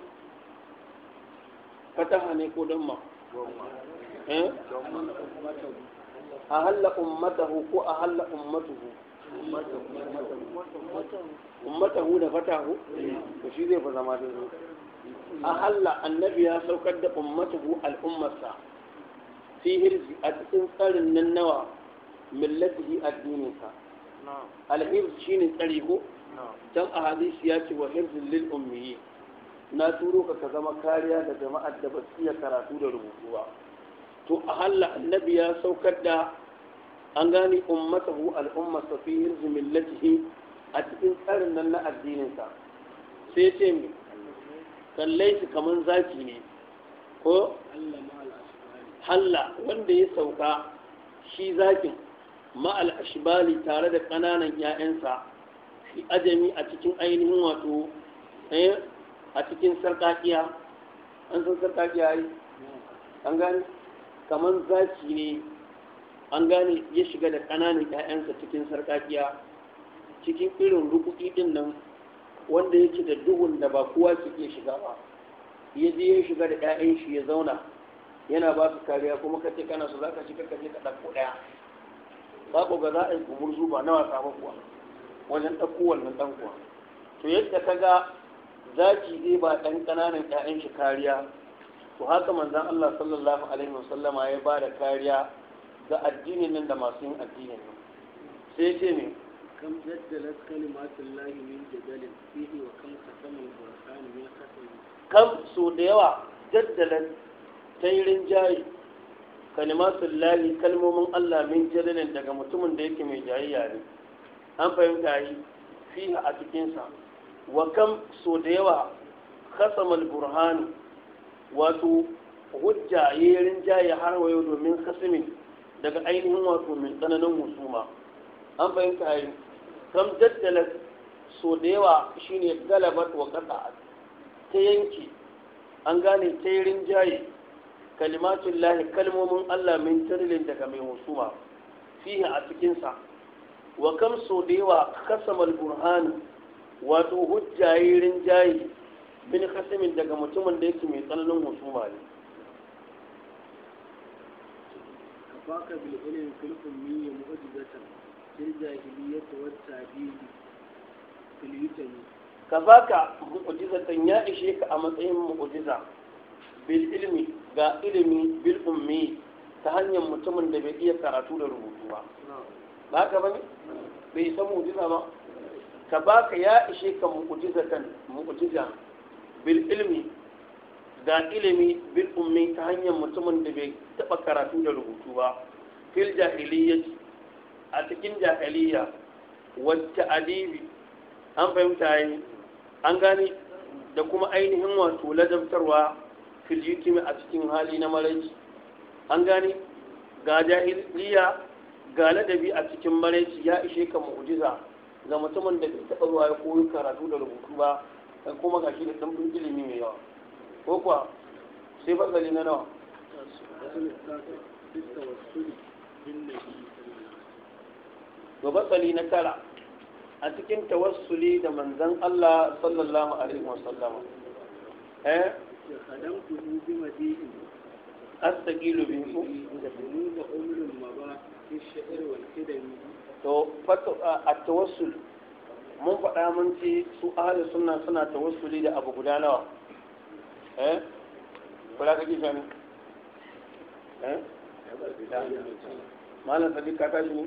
fataha ne ko don mako Eh? a halla ummatahu ko a halla ummatuhu ummatahu da fatahu to shi zai fi zama daidai a halla annabi ya saukar da ummatahu al'ummarsa fi hirzi a cikin tsarin nan nawa millatihi addininsa shi ne tsari ko dan a hadisi ya ce wa hirzin lil na turo ka ka zama kariya da jama'ar da ba su iya karatu da rubutu ba to a halla annabi ya saukar da an gane ummatahu al'umma safi hirzi a cikin tsarin nan na addininsa sai ce mi kallai shi kaman zaki ne ko halla wanda ya sauka shi zakin ma'al ashbali tare da ƙananan 'ya'yansa fi ajami a cikin ainihin wato eh, a cikin sarƙaƙiya an san sarƙaƙiya yi an gane kamar zaki ne an gane ya shiga da ƙananan 'ya'yansa cikin sarƙaƙiya cikin irin rukuki din nan wanda yake da duhun da ba kowa suke shiga ba ya je ya shiga da 'ya'yan shi ya zauna yana ba su kariya kuma ka ce kana su za ka shiga ka je ka ɗauko ɗaya babu ga za a yi kumurzu ba na wasa ba kuwa wajen ɗauko wannan ɗan kuwa to yadda ka ga zaki zai ba ɗan ƙananan 'ya'yan shi kariya to haka manzan Allah sallallahu alaihi wasallama ya ba da kariya ga addinin nan da masu yin addinin nan sai ce ne kam jaddalat kalimatul lahi min jadalin fihi wa kam khatamul qur'ani min yi. kam so da yawa ta yi jayi kalimatul lahi kalmomin Allah min jadalin daga mutumin da yake mai jayayya ne an fahimta yi fiha a cikinsa. wa kam so da yawa khasamal burhanu wato hujja yi jaye har wayo domin khasimin daga ainihin wato min tsananin musuma an fahimta ayi kam jaddala so da yawa shine galabat wa qata ta yanki an gane ta yi rinjaye. kalimatun lahi kalmomin Allah min tarilin daga mai musuma fihi a cikinsa wa kam so da yawa kasamal burhanu wato hujja rinjaye, rinjayi bin kasimin daga mutumin da yake mai tsananin husuma ne kafaka bil ilmi min ya mu'jizatan fil jahiliyyati wat tabi'i fil yutani kafaka mu'jizatan ya ishe ka a matsayin mu'jiza bil ilmi ga ilmi bil ummi ta hanyar mutumin da bai iya karatu da rubutu ba ba ka bane bai san mu'jiza ba ta ka ya ishe ka kan mu'ujiza bil ilmi da ilimi bil ummi ta hanyar mutumin da bai taba karatu da rubutu ba fil jahiliyyati a cikin jahiliya wata adibi an fahimta yi an gane da kuma ainihin wato ladabtarwa fil yukimi a cikin hali na maraici an gane ga jahiliya ga ladabi a cikin maraici ya ishe ka mu'ujiza. ga mutumin da bai taɓa ruwa ya koyi karatu da rubutu ba kan kuma ga shi da ɗanfin ilimi mai yawa ko kuwa sai fasali na nawa ga fasali na tara a cikin tawassuli da manzan Allah sallallahu alaihi wasallama eh kadan kudu bi madihin astaqilu bi ku da to a tawassul mun faɗa mun ce su ahalin suna suna tawassuli da abu guda nawa eh kula ka kisa ne eh malam sadiq ka tashi ne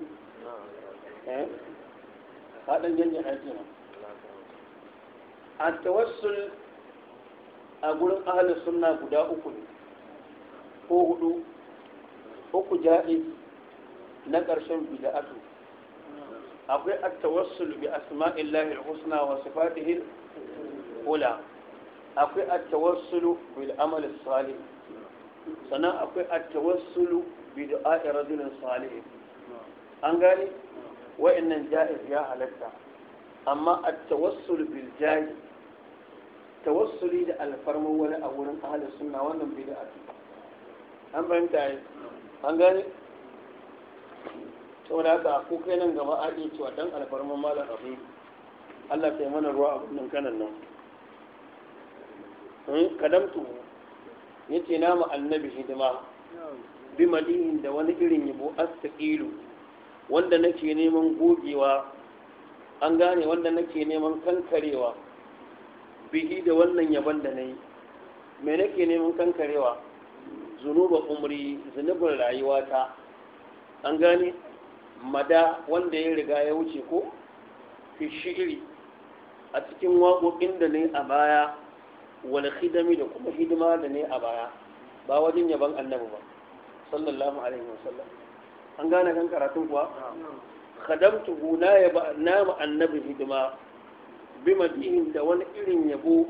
eh ka dan janye aiki ne a tawassul a gurin ahalin suna guda uku ne ko hudu uku jaɗi, na ƙarshen bida'atu akwai at-tawassul bi asma'illahi al-husna wa sifatihi al-ula akwai at-tawassul bil amal as-salih sannan akwai at-tawassul bi du'a rajulin salih an gane wa'annan ja'iz ya halatta amma at-tawassul bil jahi tawassuli da alfarmar wani a wurin ahalin suna wannan bid'a an fahimta an gane saboda haka ko kai nan gaba a ɗin cewa dan alfarman malam abu Allah yi mana ruwa a kunnin kanan nan eh, kadamtu ya ce na ma'annabi annabi hidima bi malihin da wani irin yabo astaqilu wanda nake neman gogewa an gane wanda nake neman kankarewa bihi da wannan yaban da yi me nake neman kankarewa zunuba umri zunubin rayuwata an gane mada wanda ya riga ya wuce ko fi shiri a cikin waƙoƙin da ne a baya wal hidami da kuma hidima da ne a baya ba wajen yaban annabi ba sallallahu alaihi wasallam an gane kan karatun kuwa khadamtuhu na yaba nama annabi hidima bi madihin da wani irin yabo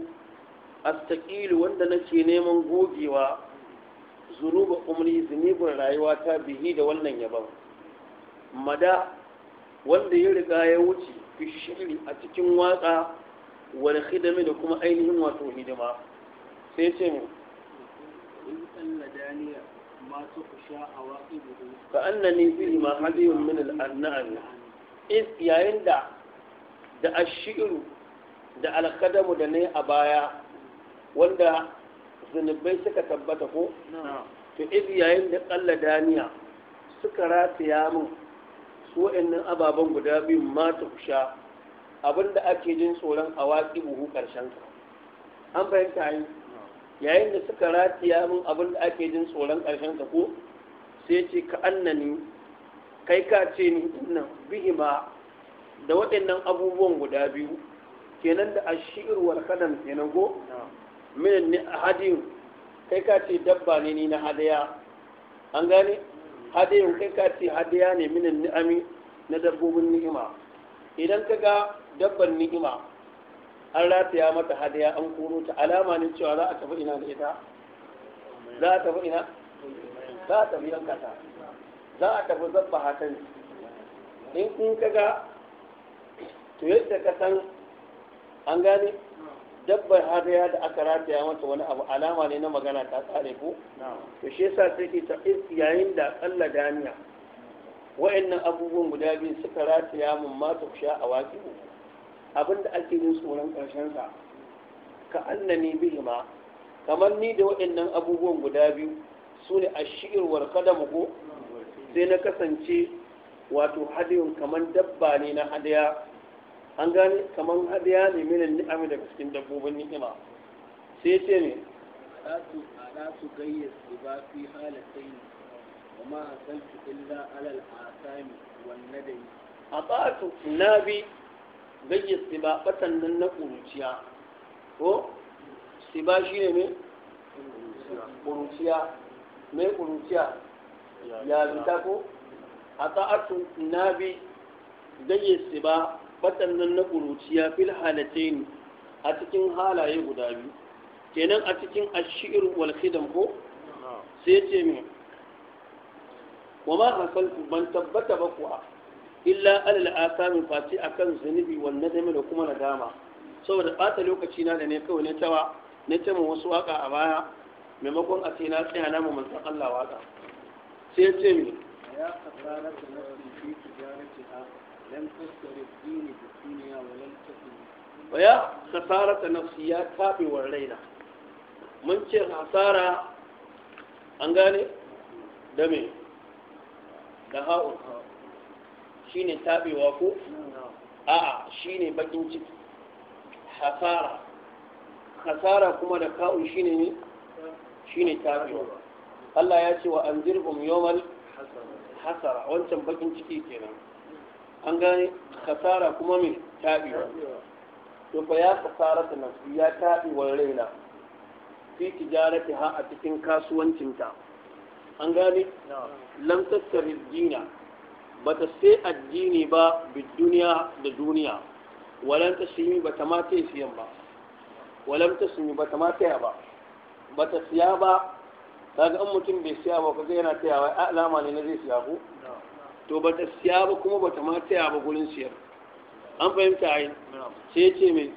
astaqilu wanda nake neman gogewa zunuba umri zunubin ta bihi da wannan yabon mada wanda ya riga ya wuce fi shiri a cikin watsa wani hidami da kuma ainihin wato hidima sai ce mu ka annani bihi ma hadiyun min al is yayin da da ashiru da alkadamu da ne a baya wanda zunubai suka tabbata ko to iz yayin da kalla daniya suka rataya min su wa'annan ababen guda biyu ma ta kusha abinda ake jin tsoron a watsi buhu karshen ka an fahimta yi yayin da suka ya min abinda ake jin tsoron karshen ka ko sai ce ka annani kai ka ce ni nan bihima da waɗannan abubuwan guda biyu kenan da a wal kadam kenan ko min a hadin kai ka ce dabba ne ni na hadaya an gane hadayin kai kati ce hadaya ne minan ni'ami na dabbobin ni'ima idan ka ga dabban ni'ima an rataya mata hadaya an koro ta alama ne cewa za a tafi ina da ita za a tafi ina za a tafi yanka ta za a tafi zabba hakan in kun ka ga to yadda ka san an gane dabbar ya da aka rataya mata wani abu alama ne na magana ta tsare ko to shi yasa sai ke ta yayin da Allah daniya wa'annan abubuwan guda biyu suka rataya mun ma ta kusha a waƙi abinda ake yin tsoron ƙarshen sa ka annani ma kamar ni da wa'annan abubuwan guda biyu su ne a shigirwar kadamu ko sai na kasance wato hadiyun kamar dabba ne na hadiya an gane kamar hadiya ne minan ni'ami daga cikin dabbobin ni'ima sai ce ne ala su gayyar ba fi halatai wa ma su illa alal asami a nadami na bi gayyar ba batan nan na ƙuruciya, ko su ba shi ne ƙuruciya, mai ƙuruciya. ya zita ko A atatu nabi gayyar ba Fatannan na ƙuruciya fil halatayn a cikin halaye guda biyu kenan a cikin ashir wal khidam ko sai ce mai wa ma hasaltu ban tabbata ba kuwa illa alal asami fati akan zunubi wan nadami da kuma nadama saboda bata lokaci na da ne kawai ne tawa ne ta wasu waka a baya maimakon a sai na tsaya na mu san Allah waka sai ce mai ya kasara ta nafsi waya khasara ta nafsiya taɓewar raina mun ce hasara an gane da me da ha'un shine taɓewa ko a'a shine bakin ciki hasara hasara kuma da ka'un shine ne shine taɓewa Allah ya ce wa anzirhum yawmal hasara wancan bakin ciki kenan an gane kasara kuma mai taɓi to fa ya kasara ta nasu ya taɓi wa raina fi tijarati ha a cikin kasuwancinta an gane lam jina ba ta sai addini ba bi duniya da duniya walan tasmi bata ma ta siyan ba walan tasmi bata ba ta ba ta siya ba kaga an mutum bai siya ba kaga yana tayawa alama ne na zai siya ko to ba ta siya ba kuma ba ta ma taya ba gurin siyar an fahimta ai sai ce mai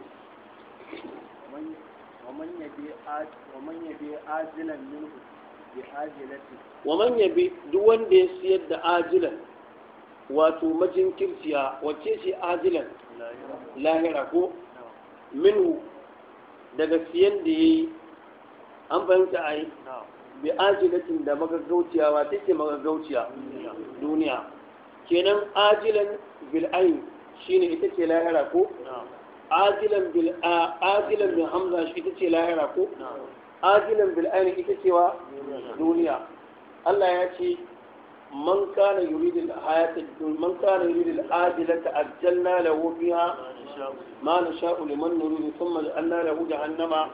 ومن يبي ومن يبي عاجلا منه بعاجلته ومن يبي duk wanda ya siyar da ajilan wato majinkirciya wacce ce ajilan lahira ko minhu daga siyan da ya yi an fahimta a yi bi ajilatin da magagauciya wa take magagauciya duniya kenan ajilan bil shi ne ita ce lahira ko ajilan bil ajilan bi hamza shi ita ce lahira ko ajilan bil ita ce wa duniya Allah ya ce man kana yuridu al hayata man kana yuridu al ajilata ajjalna lahu fiha ma nasha'u liman nuridu thumma ja'alna lahu jahannama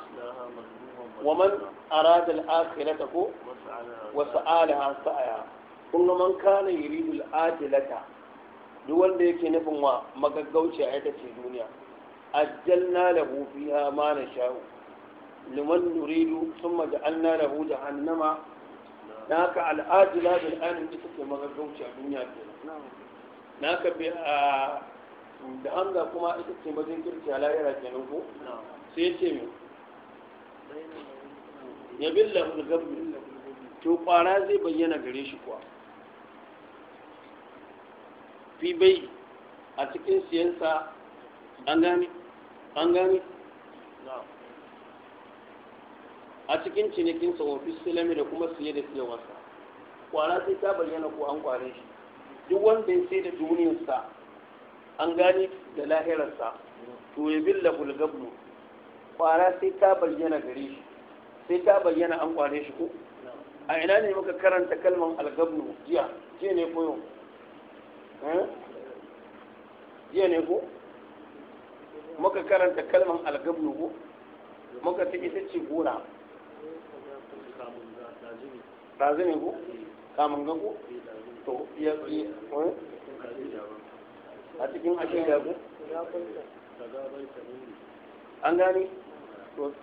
ومن أراد ko وسعى لها سعيها kun ga man kana yuridul ajilata duk wanda yake nufin wa magaggauci a ita ce duniya ajjalna lahu fiha ma nasha'u liman nuridu thumma ja'alna lahu jahannama naka al'ajila bil al'adun ita ce magaggauci a duniya ke naka bi da hanga kuma ita ce mazin kirki a lahira nan ko sai ce mu ya billa hulgabi to kwara zai bayyana gare shi kuwa fi bai a cikin siyansa an gani an gani a cikin cinikinsa wa fi silami da kuma siye da siyarwarsa kwara sai ta bayyana ko an kware shi duk wanda ya sai da duniyarsa an gani da lahirarsa to ya billa bulgabnu kwara sai ta bayyana gare shi sai ta bayyana an kware shi ko a ina ne muka karanta kalmar algabnu jiya jiya ne koyo Hmm? jiya ne ko muka karanta kalmar algabu ko muka ta ita ce gora ɗazu ne ko kamun ga ko to ya fi hmm? a cikin ashe da ko an gani to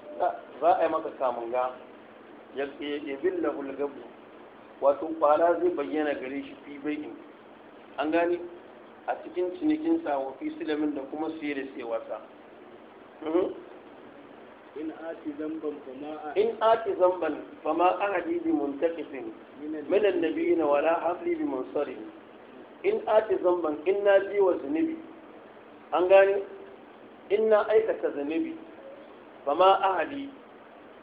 za a yi maka kamun ga ya zilla hulgabu wato kwala zai bayyana gare shi fi bai'in an gani a cikin cinikin sawofi silamin da kuma su yi da siye wasa mhm. in ci zamban fama ma ati zamban bi muntakifin minan muntaqifin na wala hafli bi munsari in ci zamban in na ji wa zunubi an gani in na aikata zunubi fama ahadi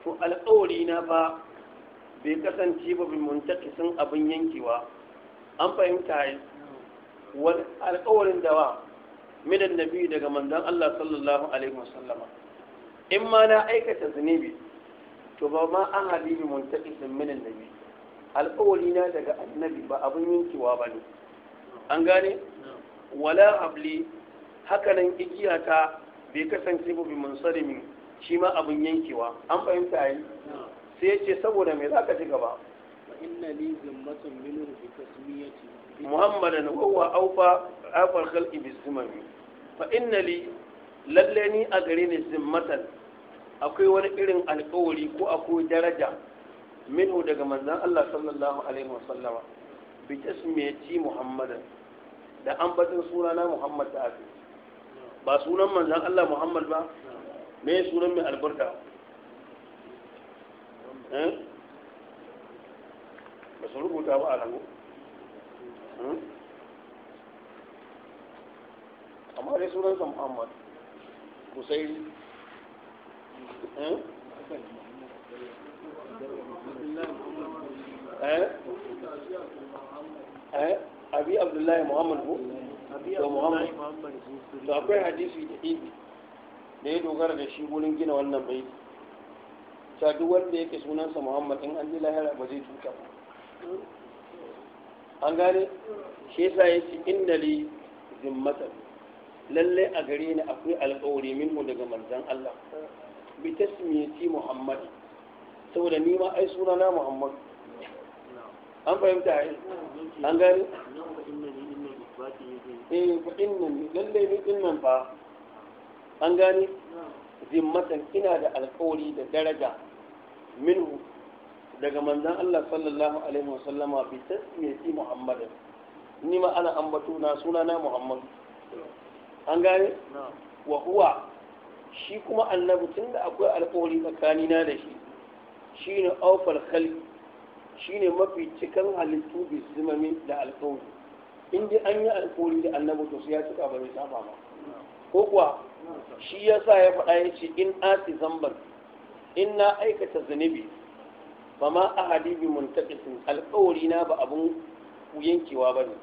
to alƙawari na ba bai kasance ba bi muntakifin abin yankewa an fahimta wani alƙawarin dawa minan nabi daga manzon Allah sallallahu alaihi wasallama in ma na aikata zunubi to ba ma an habibi muntaqisin minan nabi alƙawari na daga annabi ba abin yankewa ba ne an gane wala abli hakanan igiyata bai kasance ba bi munsalimin shi ma abin yankewa an fahimta yi sai ya ce saboda me za ka ci gaba inna li minhu bi tasmiyati muhammadan wawa aufa afar khalqi bisimami fa inna li lalle ni a gare ni zimmatan akwai wani irin alƙawari ko akwai daraja minu daga manzon Allah sallallahu alaihi wa sallama bi tasmiyati muhammadan da ambatin sunana muhammad ta afi ba sunan manzon Allah muhammad ba me sunan mai albarka eh? ba su rubuta ba a rango हमारे student Mohammad Hussain अभी अब्दुल्ला मोहम्मद को तो Mohammad to akwai hadisi da ibi da ya dogara da shi wurin gina wannan bai ta duk wanda yake sunansa muhammad in an ji lahira ba zai tuta ba an gane shi yasa ya ce inna li zimmatan lalle a gare ni akwai alƙawari mu daga manzon Allah bi tasmiyati Muhammad saboda ni ma ai suna na Muhammad an fahimta ai an gane eh fa innan lalle ni innan fa an gane zimmatan ina da alƙawari da daraja minhu daga manzon Allah sallallahu alaihi wasallama bi tasmiyati Muhammadin ni ma ana ambato na sunana Muhammad an gane wa huwa shi kuma annabi tunda akwai alƙawari tsakanina da shi shine awfal khalqi shine mafi cikan halittu bi zimami da alƙawari in dai an yi alƙawari da annabi to sai ya cika ba mai saba ba ko kuwa shi yasa ya faɗa ya ce in ati zambar, in na aikata zunubi ba ma a hadibi muntakisin alkawari na ba abun yankewa ba ne.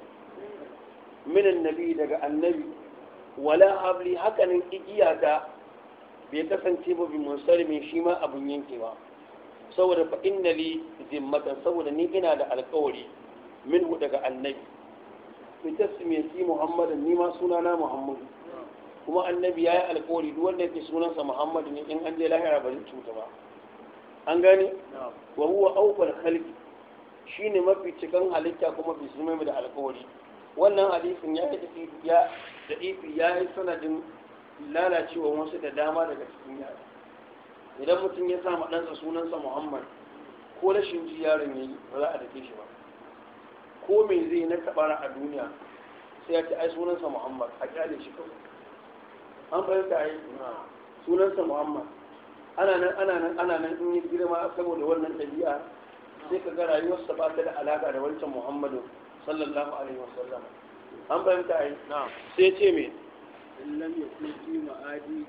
min nabi daga annabi wala habli hakanin igiya ta bai kasance ba bi munsalimin shi ma abun yankewa saboda fa inna li zimmatan saboda ni ina da min minhu daga annabi fi tasmiyati muhammadan ni ma na muhammad kuma annabi yayi alkawari duk wanda yake sunansa muhammad ne in an je lahira ba zai cuta ba an gane wa huwa awwal khalqi shine mafi cikan halitta kuma bi su mai da alƙawari wannan hadisin ya yi ya da ifi ya yi sanadin lalacewa wasu da dama daga cikin yara idan mutum ya sa ma ɗansa sunansa muhammad ko rashin ji yaron ya yi ba za a dake shi ba ko me zai na tabara a duniya sai ya ce ai sunansa muhammad a kyale shi kawai an fahimta ai sunansa muhammad ana nan ana nan ana nan in yi girma saboda wannan ɗabi'a sai ka ga rayuwarsa ba ta da alaƙa da wancan muhammadu sallallahu alaihi wasallam an fahimta ai sai ce me in lam yakun fi ma'adi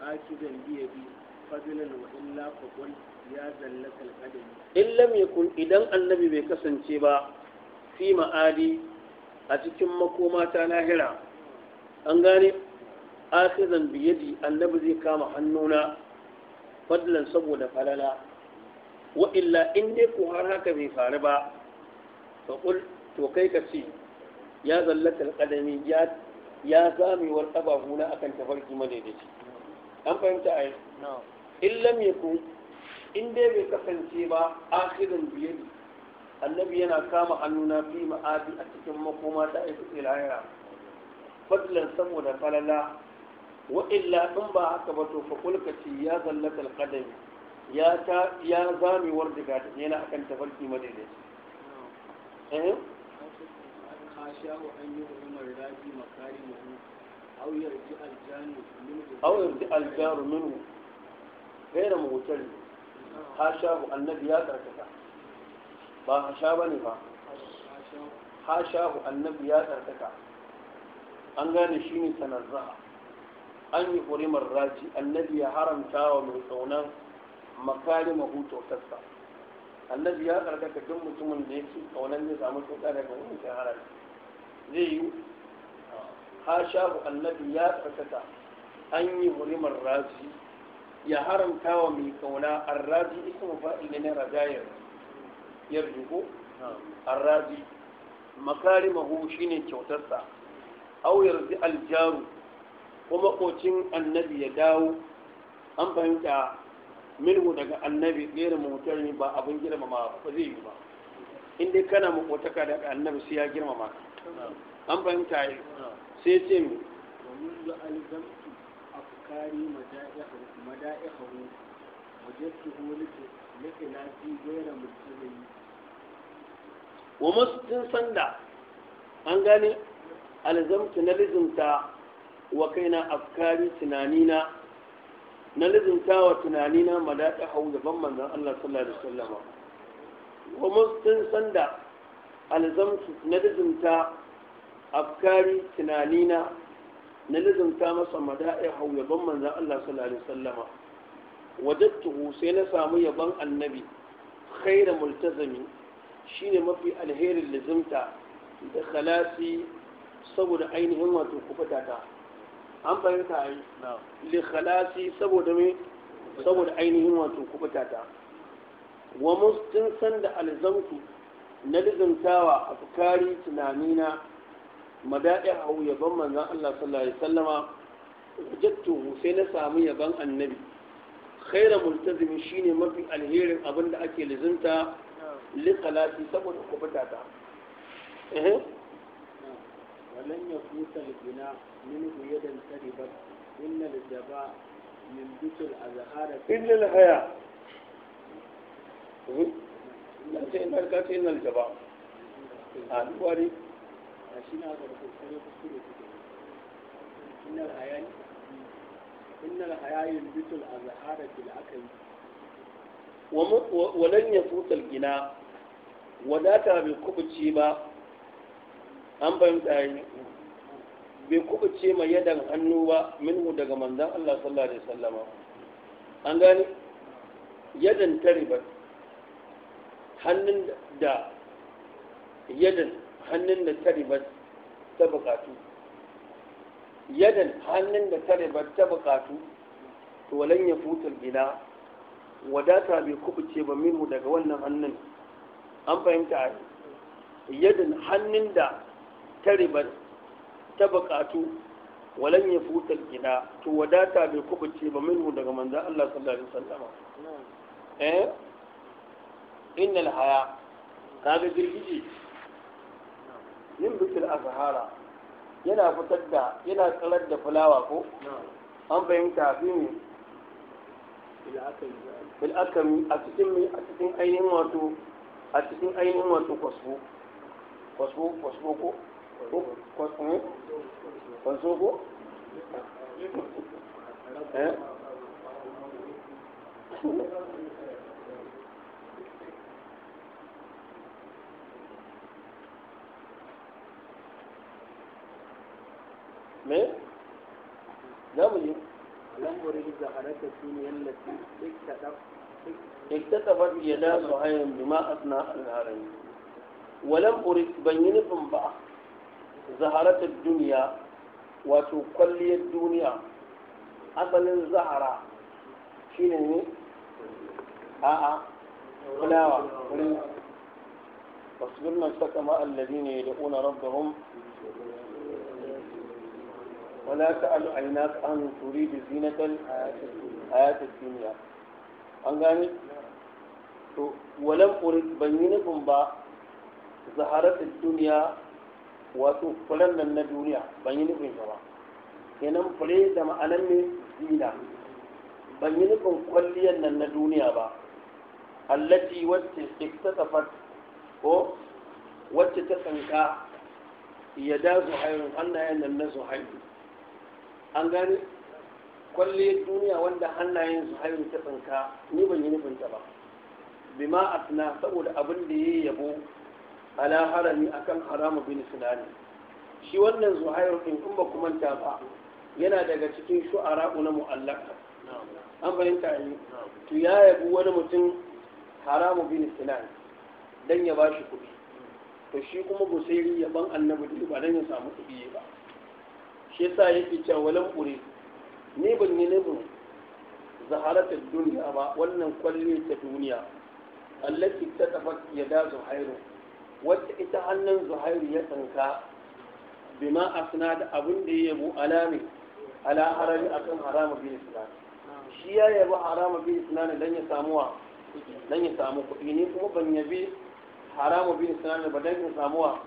akidan biya bi fadlan wa illa fa qul ya zallaka alqadami in lam yakun idan annabi bai kasance ba fi ma'adi a cikin makoma ta lahira an gane akidan biyadi annabi zai kama hannuna fadlan saboda falala wa illa in dai ku har haka bai faru ba to kai ka ce ya zallata alqadami ya ya zamewar kabahuna akan tafarki madaidaici an fahimta ai in lam ku in dai bai kasance ba akhirin biyadi annabi yana kama hannuna fi ma'adi a cikin makoma ta aiki lahira fadlan saboda falala wa illa in ba haka ba to fakulka ce ya zallata alƙadami ya ta ya zamewar daga ta yana akan tafarki madaidaici eh أو يرجع الجار منه غير مغتل حاشاه النبي يا تركتا با حاشا بني با حاشاه النبي يا تركتا an gane shi ne za'a. an yi hurimar raji annabi ya haramta wa mai tsaunan makalima hutotarsa annabi ya tsarkaka duk mutumin da ya ci tsaunan zai samu tsotsa daga wani kan haram zai yi ha shafu annabi ya tsarkaka an yi hurimar raji ya haramta wa mai kauna arraji ismu fa'il ne rajayar yarjugo arraji makarimahu shine kyautarsa auyar yarzi aljaru ko makocin annabi ya dawo an fahimta milmu daga annabi ɗera mutar ba abin girmama ba zai yi ba inda kana makotaka daga annabi sai ya girmama an fahimta yi sai ce mu wa ألزمت أفكاري مدائحه وجدته لخلافي غير متبعي ومستن wa kaina afkari tunanina na lizinta wa tunanina madaɗa hau gaban manzan Allah sallallahu alaihi wasallam wa mustin sanda alzamtu na lizinta afkari tunanina na lizinta masa madaɗa hau gaban manzan Allah sallallahu alaihi wasallam wajattuhu sai na samu yaban annabi khaira multazami shine mafi alherin lizimta da khalasi saboda ainihin wato ta. an fahimta ai li khalasi saboda me saboda ainihin wato kubuta ta wa mustin san da alzamtu na lizantawa afkari tunanina madaɗi hau yaban manzon Allah sallallahu alaihi wasallama jattu sai na samu yaban annabi khaira multazimi shine mafi alherin abin da ake lizinta li khalasi saboda kubuta ta eh ولن يفوت البناء منه يدا تربت إن الجباء من بيت الأزهار إن الحياة لا شيء ما كانت إن الجباء هذا واري عشان هذا الكلام كله إن الحياة إن الحياة ينبت الأزهار بالعقل ولن يفوت الغنى wadata bai kubuce ba an fahimta yi bai ce mai yadan hannu ba minhu daga manzan Allah sallallahu alaihi wasallama an gani yadan taribat hannun da yadan hannun da taribat ta bukatu yadan hannun da taribat ta bukatu to walan ya futar gida wadata bai ce ba minhu daga wannan hannun an fahimta yadan hannun da ba ta bukatu walan ya futa gida to wadata bai kubuce ba minhu daga manzan Allah sallallahu alaihi wasallam eh innal haya kaga girgiji yin bikin azhara yana fitar da yana tsarar da fulawa ko an fahimta fi ne akami a cikin mai a cikin ainihin wato a cikin ainihin wato kwasfo kwasfo kwasfo ko كونسوكو ها me za mu je lambarin zaharata su ne yallafi اكتسبت يدا سهيل بما أثناء الهرم ولم أرد بين بمبأ زهرة الدنيا وتقلي الدنيا أصل الزهرة شنو؟ shine ne فلاوة fulawa واصبر نفسك مع الذين يدعون ربهم ولا تعد عيناك أن تريد زينة الحياة الدنيا أنغاني ولم أرد بينكم با زهرة الدنيا wato furen nan na duniya ban yi nufin shi ba kenan fure da ma'anan ne zina ban yi nufin kwalliyan nan na duniya ba allati wacce iktasafat ko wacce ta tsanka ya da zuhairun hannayen nan na zuhairu an gani kwalliyar duniya wanda hannayen zuhairu ta tsanka ni ban yi nufin ta ba bima asna saboda abin da ya yabo ala harami akan haramu bin sinani shi wannan zuhairu in kuma kuma ta ba yana daga cikin shu'ara na mu'allaka an fahimta ne to ya yabi wani mutum haramu bin sinani dan ya bashi kuɗi to shi kuma gusairi ya ban annabi duk ba dan ya samu kuɗi ba shi yasa yake cewa walan ni ban ni ne ban zaharatar duniya ba wannan kwalle ta duniya allati ta tafak da zuhairu wacce ita hannun zuhairu ya tsanka bima asna da abin da ya yabo alami ala harami akan harama bin islam shi ya yabo harama bin islam dan ya samu wa dan ya samu kuɗi ni kuma ban yabi harama bin islam ba dan ya samu wa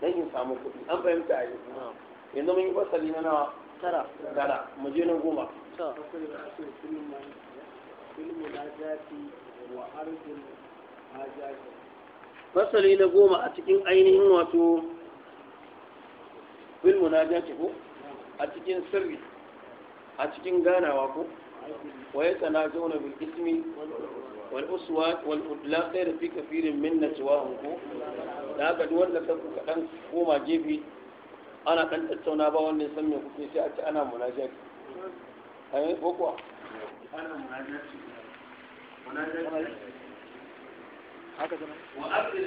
dan ya samu kuɗi an fahimta a yi yanzu mun yi fasali na nawa tara tara mu je na goma wa arzul hajati fasali na goma a cikin ainihin wato fil munajati ko a cikin sirri a cikin ganawa ko waye ya tsana zauna bil ismi wal uswa wal udla khairu fi kafirin min najwahum ko da haka duk wanda ka ku kadan goma jefi ana kan tattauna ba wanda san me kuke sai a ci ana munajati ai ko kuwa ana munaja munajati وأرد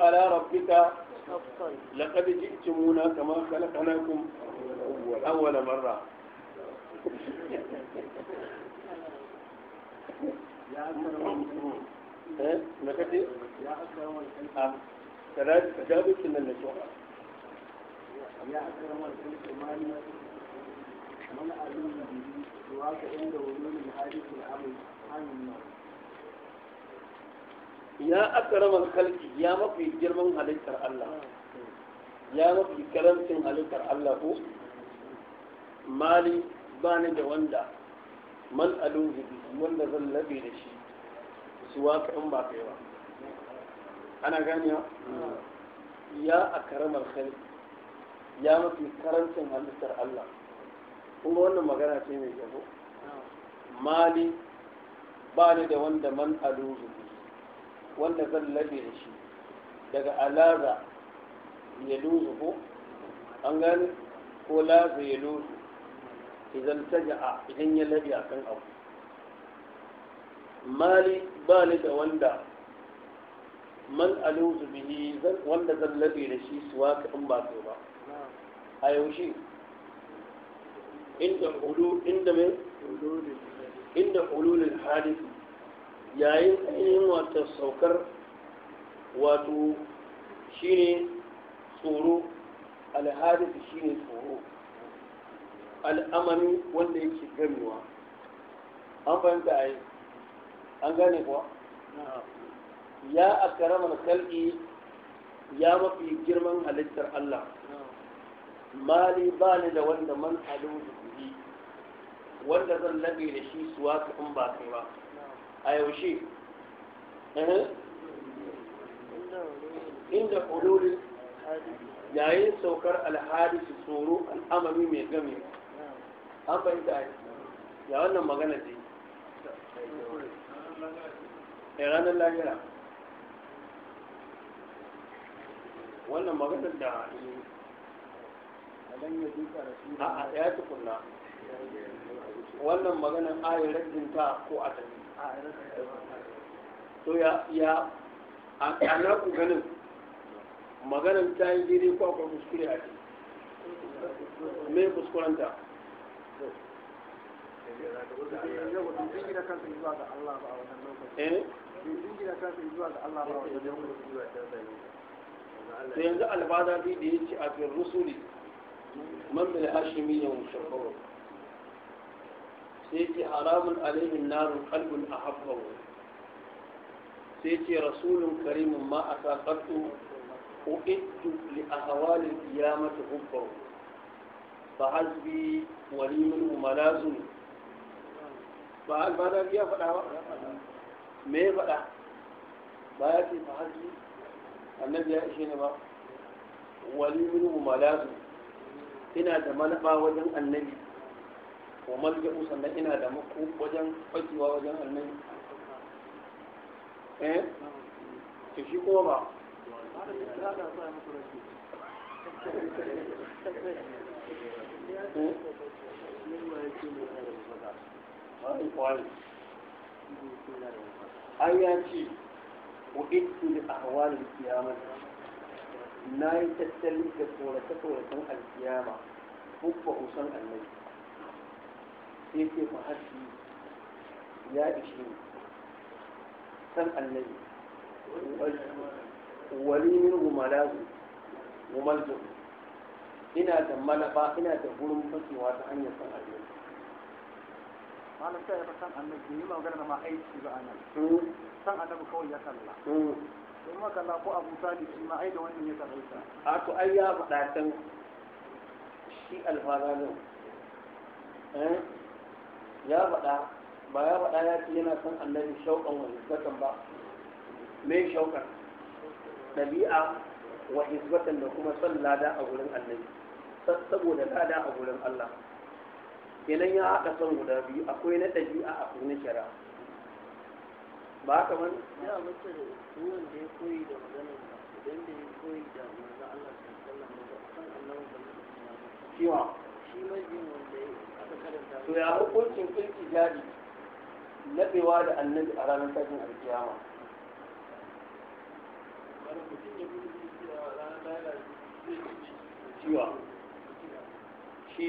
على ربك لقد جئتمونا كما خلقناكم أول مرة يا أكرم الخلق إيه؟ يا أكرم آه. الخلق يا أكرم الخلق يا أكرم الخلق ya akramal khalqi ya mafi girman halittar Allah ya mafi karamcin halittar Allah ko mali bani da wanda man alun wanda zan labe da shi su waka in ba kai ba ana gani ya akramar khalqi ya mafi karancin halittar Allah Kuma wannan magana ce mai yabo. mali ba ni da wanda man aluzu wanda zan labe da shi daga alaza ya luzu ko an gani ko laza ya luzu idan ta a idan ya labe a kan abu mali ba ni da wanda man aluzu bihi wanda zan labe da shi suwa ka in ba ba a yaushe inda hulu inda mai inda hululul yayin ainihin wata saukar wato shine tsoro alhadith shine tsoro al'amari wanda yake gamewa an fahimta a an gane kuwa ya a karamar kalki ya mafi girman halittar Allah mali ba ni da wanda man halu wanda zan labe da shi su wasu in ba kai ba a yaushe inda ululin yayin saukar su tsoro al'amari mai game an fahimta ya wannan magana ce a eh, ranar lahira wannan magana da a a ɗaya tukunna wannan maganan ayin rajin ta ko a tafi to ya ya a na ku ganin maganan ta yi daidai ko akwai kuskure a ciki me kuskuranta eh? yanzu albada bi da ya ce a fi rusuli man bil hashimi ya mushabbahu sai ce haramun alaihin narun qalbun ahabbahu sai ce rasulun karimun ma aka qatu uiddu li ahwali qiyamati hubbahu fa hasbi walimul malazun ba ba da ya faɗa ba me faɗa ba ya ce fa hasbi annabi ya ishe ne ba walimin malazun ina da manaba wajen annabi ko malga'u sannan ina da maku wajen fakewa wajen annabi eh ke shi kuma ba eh? ai ya ce wa ittu li ahwalil qiyamah na yi tattali da tsorace-tsoracen alkiyama kuma usan annabi sai ke fa ya ishe ni san annabi wani min gumalazu gumalzu ina da malaba ina da gurin fasewa ta hanyar san annabi malam sai ya san annabi ne magana ma aiki ba annabi hmm. san annabi kawai ya kalla hmm. kuma kaza ko abu talib shi ma ai da wannan ya takaita a to ai ya faɗa can shi alfaranin eh? ya faɗa ba ya faɗa ya ce yana son annabi shauƙan wa hizbatan ba mai shauƙan ɗabi'a wa hizbatan da kuma son lada a gurin annabi saboda lada a gurin Allah kenan ya haɗa son guda biyu akwai na ɗabi'a akwai na shari'a ba haka ba ne ya mace da duwan da ya koyi da magana idan da ya koyi da manzo Allah sallallahu alaihi wasallam kan annabi sallallahu alaihi ma shi mai wanda ya aka karanta to ya hukuncin kirki jadi nabewa da annabi a ranar tashin alkiyama wani mutum ranar ciwa shi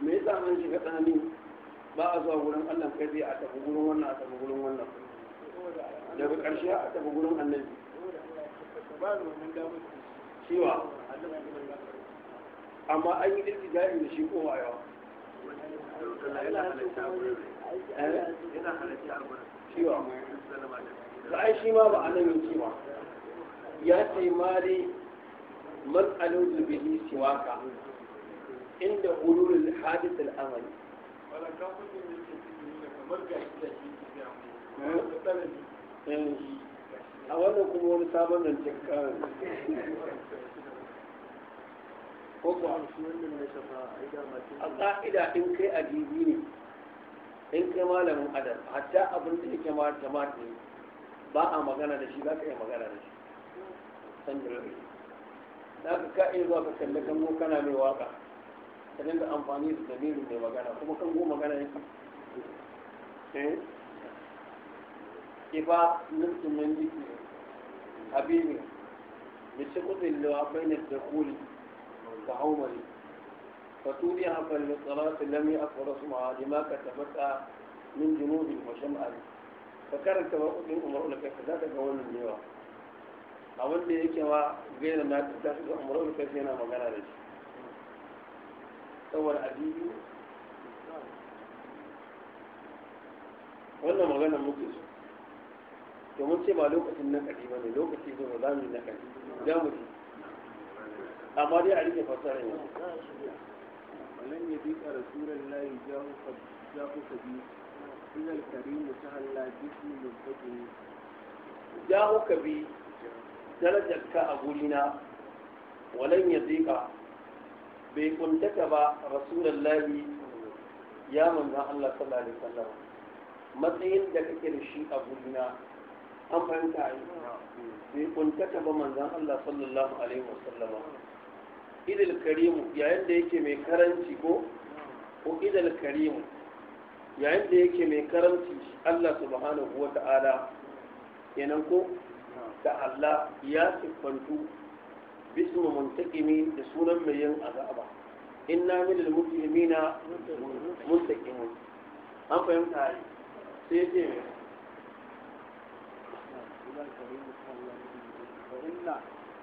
me yasa an shiga tsanani ba a zuwa wurin Allah kai zai a tafi gurin wannan a tafi gurin wannan daga ƙarshe a tafi gurin annabi cewa amma an yi ɗin jari da shi kowa yawa cewa ka ai shi ma ba annabi cewa ya ce ma dai man alu bihi siwaka inda hululul hadis al'amari eh? eh, a wannan kuma wani sabon nan cikin ko ko a ƙa'ida in kai adibi ne in kai malamin adal, hatta abin da yake ma jama'a ne ba a magana da shi za ka iya magana da shi san da rabi za ka ka iya zuwa ka kalli kango kana mai waka ka dinga amfani da dalilin mai magana kuma kan go magana yake eh iba nufin min jiki habibi kudin da kuli da haumari faturi tsarata ma ka tabbata min ka karanta ba kudin umar ulaka ka zaka ga wannan yawa a wanda yake ma gaira na ta umar ulaka yana magana da shi saboda addini wannan magana muke so domin ce ba lokacin na ƙari ba ne lokaci zuwa za mu yi na ƙari za mu ji amma dai a rike fasara ne wannan ya bi ka rasulun layi ja ku ka bi ilal karimu ta halla jismi mutaki ya ku ka bi darajar ka a gurina walan ya zika bai kuntata ba rasulullahi ya manzan Allah sallallahu alaihi wasallam matsayin da kake da shi a na, an fahimta yi bai kuntata ba manzan Allah sallallahu alaihi wasallam idil karimu yayin da yake mai karanci ko ko idil karimu yayin da yake mai karanci Allah subhanahu wa ta'ala kenan ko da Allah ya siffantu باسم منتقم لسونا مليان أذابا إنا من المسلمين منتقمون أم فهم تعالي سيتي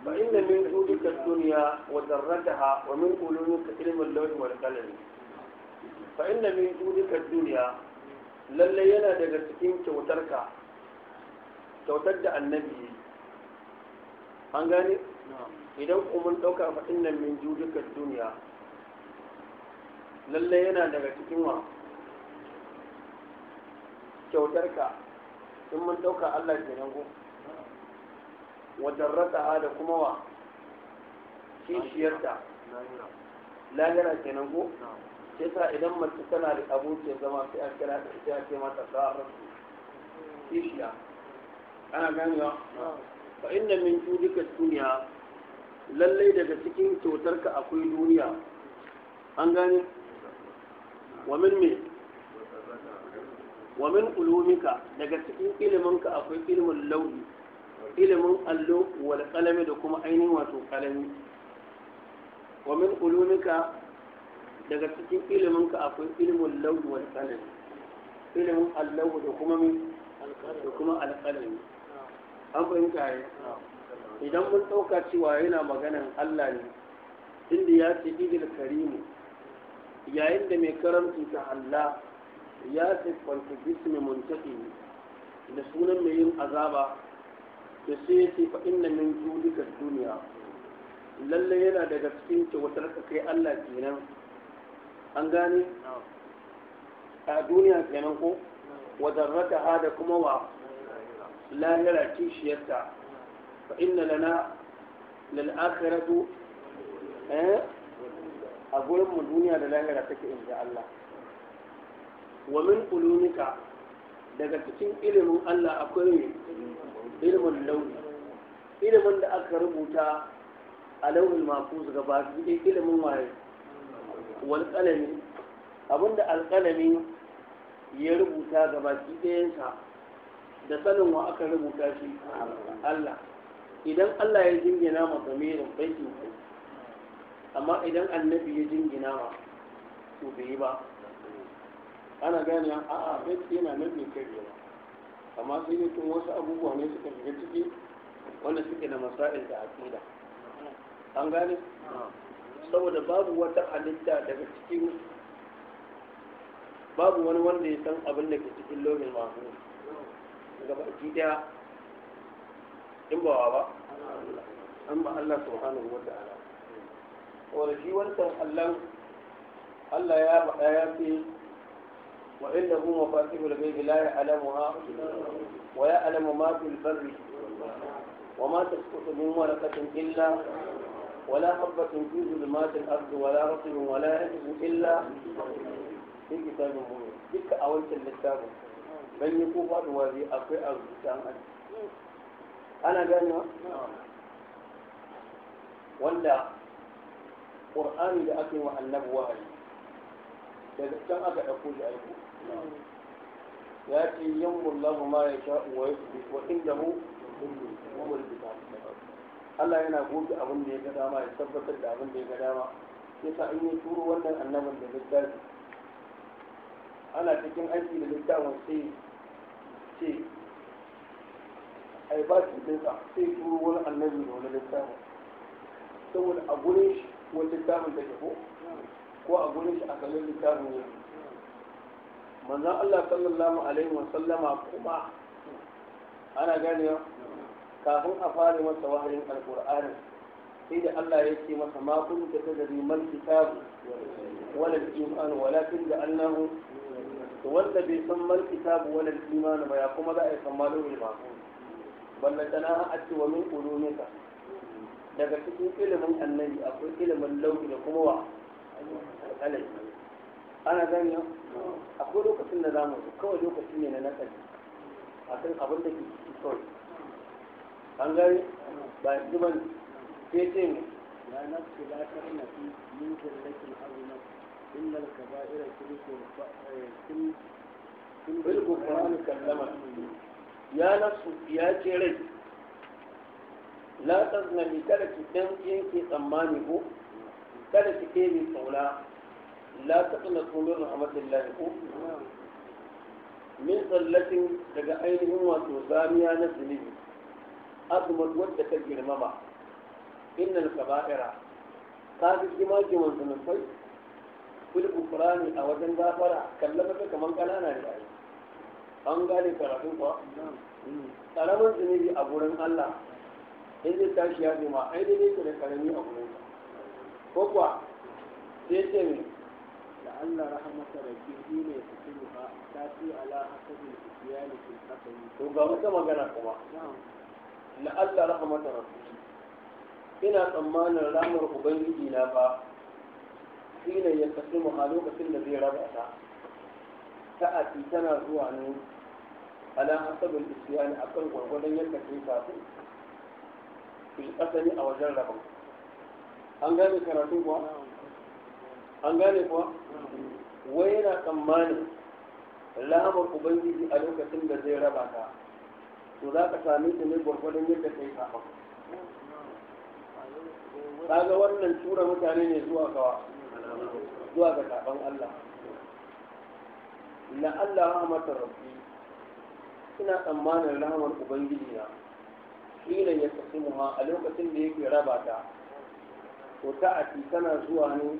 فإن من جودك الدنيا وذرتها ومن علومك علم اللوح والقلم فإن من جودك الدنيا lallai yana daga cikin kyautarka kyautar an gani idan mun ɗauka fa innan min judukar duniya lallai yana daga cikin wa kyautarka in mun ɗauka Allah ke nan wajen rata da kuma wa kishiyarta lahira ke nan ko sai sa idan mace tana da abokin zama sai a kira ta ita ce mata sa'ar kishiya ana ganewa fa inna min judika duniya lallai daga cikin kyautarka akwai duniya an gane wa min me wa min ulumika daga cikin iliminka akwai ilimin launi ilimin allo wal kalami da kuma ainihin wato kalami wa min ulumika daga cikin iliminka akwai ilimin launi wal kalami ilimin allo da kuma min da kuma alkalami an fahimta ya idan mun ɗauka cewa yana maganan Allah ne inda ya ce idil karimu yayin da mai karamci ta Allah ya kwanta bismi muntaki da sunan mai yin azaba da sai ya ce fa inna min julika duniya lalle yana daga cikin wata ka kai Allah kenan an gane a duniya kenan ko wadarrata ha da kuma wa lahira kishiyarta fa inna lana lil akhiratu eh a gurin mu duniya da lahira take inda Allah wa min ulumika daga cikin ilimin Allah akwai ilimin launi ilimin da aka rubuta a launin mafus gaba ɗaya ilimin waye wal kalami abinda alkalami ya rubuta gaba ɗayansa da sanin wa aka rubuta shi Allah idan Allah ya jingina ma zamirin bankin ku amma idan annabi ya jingina ma to bai yi ba ana gane a a banki yana nan bai kai ba amma sai ne tun wasu abubuwa ne suka shiga ciki wanda suke da masail da aqida an gane saboda babu wata halitta daga cikin babu wani wanda ya san abin da ke cikin lokacin mahmud gaba ki daya in ba wa ba an ba Allah subhanahu wa ta'ala wanda shi wancan Allah Allah ya faɗa ya ce wa inda kuma fatihul ghaibi la ya'lamuha wa ya'lamu ma fil barri wa ma tasqutu min waraqatin illa ولا حبة في ظلمات الأرض ولا رطب ولا يجب إلا في كتاب مبين تلك أولت الكتاب yi ko faduwa zai akwai a rubuta an aji ana ganewa wanda ƙur'ani da aka yi wa annabi wahayi daga can aka ɗauko shi aiko ya ce yammullahu ma ya sha wa wa indahu umul kitab Allah yana goge abin da ya ga dama ya tabbatar da abin da ya ga dama yasa in yi turo wannan annabin da littafi ana cikin aiki da littafin sai ce ai ba shi dinsa sai turo wani annabi da wani littafin saboda a gurin shi wani littafin da ke ko ko a gurin shi asalin littafin ne manzan Allah sallallahu alaihi wa sallama kuma ana ganewa kafin a fara masa wahayin alƙur'ani sai da Allah ya ce masa makon da ta tadri mal kitab wala al-iman walakin ja'alnahu to wanda bai san mal kitabu wala imanu ba ya kuma za a yi san malu ne ba ballanta tana a ce wa min ulumika daga cikin ilimin annabi akwai ilimin lauki da kuma wa alai ana gani akwai lokacin da zamu zo kawai lokacin ne na nasari akan abin da ke ciki kawai an gani ba yanzu ba ne sai ce ne ya da la karna fi min kullatin azumat إن الكبائر في القرآن كلمة يا نفس يا جري لا تظلمي kada ki dan yanke tsammani ko kada ki kai mai tsaula la taqna qulur rahmatillahi ko min tsallatin daga ainihin wato zamiya na zunubi azumat wadda ta girmama innal kaba'ira ka fi fil kufrani a wajen gafara kallon ta kamar kanana ne an gane karatu kuwa karamin zunubi a gurin Allah in zai tashi ya zama ai dai ne da karami a gurin ko kuwa sai ce ne la'alla rahmata rabbihi ne ta fi ala hasabil isyan fil qasam to ga wata magana kuma la'alla rahmata rabbihi ina tsammanin ramar ubangiji na ba hina ya tafi mu a lokacin da zai raba ta ta'ati tana zuwa ne ala ne a kan gwargwadon yadda kai kafin fil asali a wajen raba. an gane karatu kuwa an gane kuwa wai yana tsammanin lamar ubangiji a lokacin da zai raba ta to za ka same ta ne gwargwadon yadda kai kafin ga wannan tura mutane ne zuwa kawa zuwa ga kafan Allah na Allah rahmatar rabbi ina tsammanin rahamar ubangiji na hina ya kasimuha a lokacin da yake raba ta to ta'ati tana zuwa ne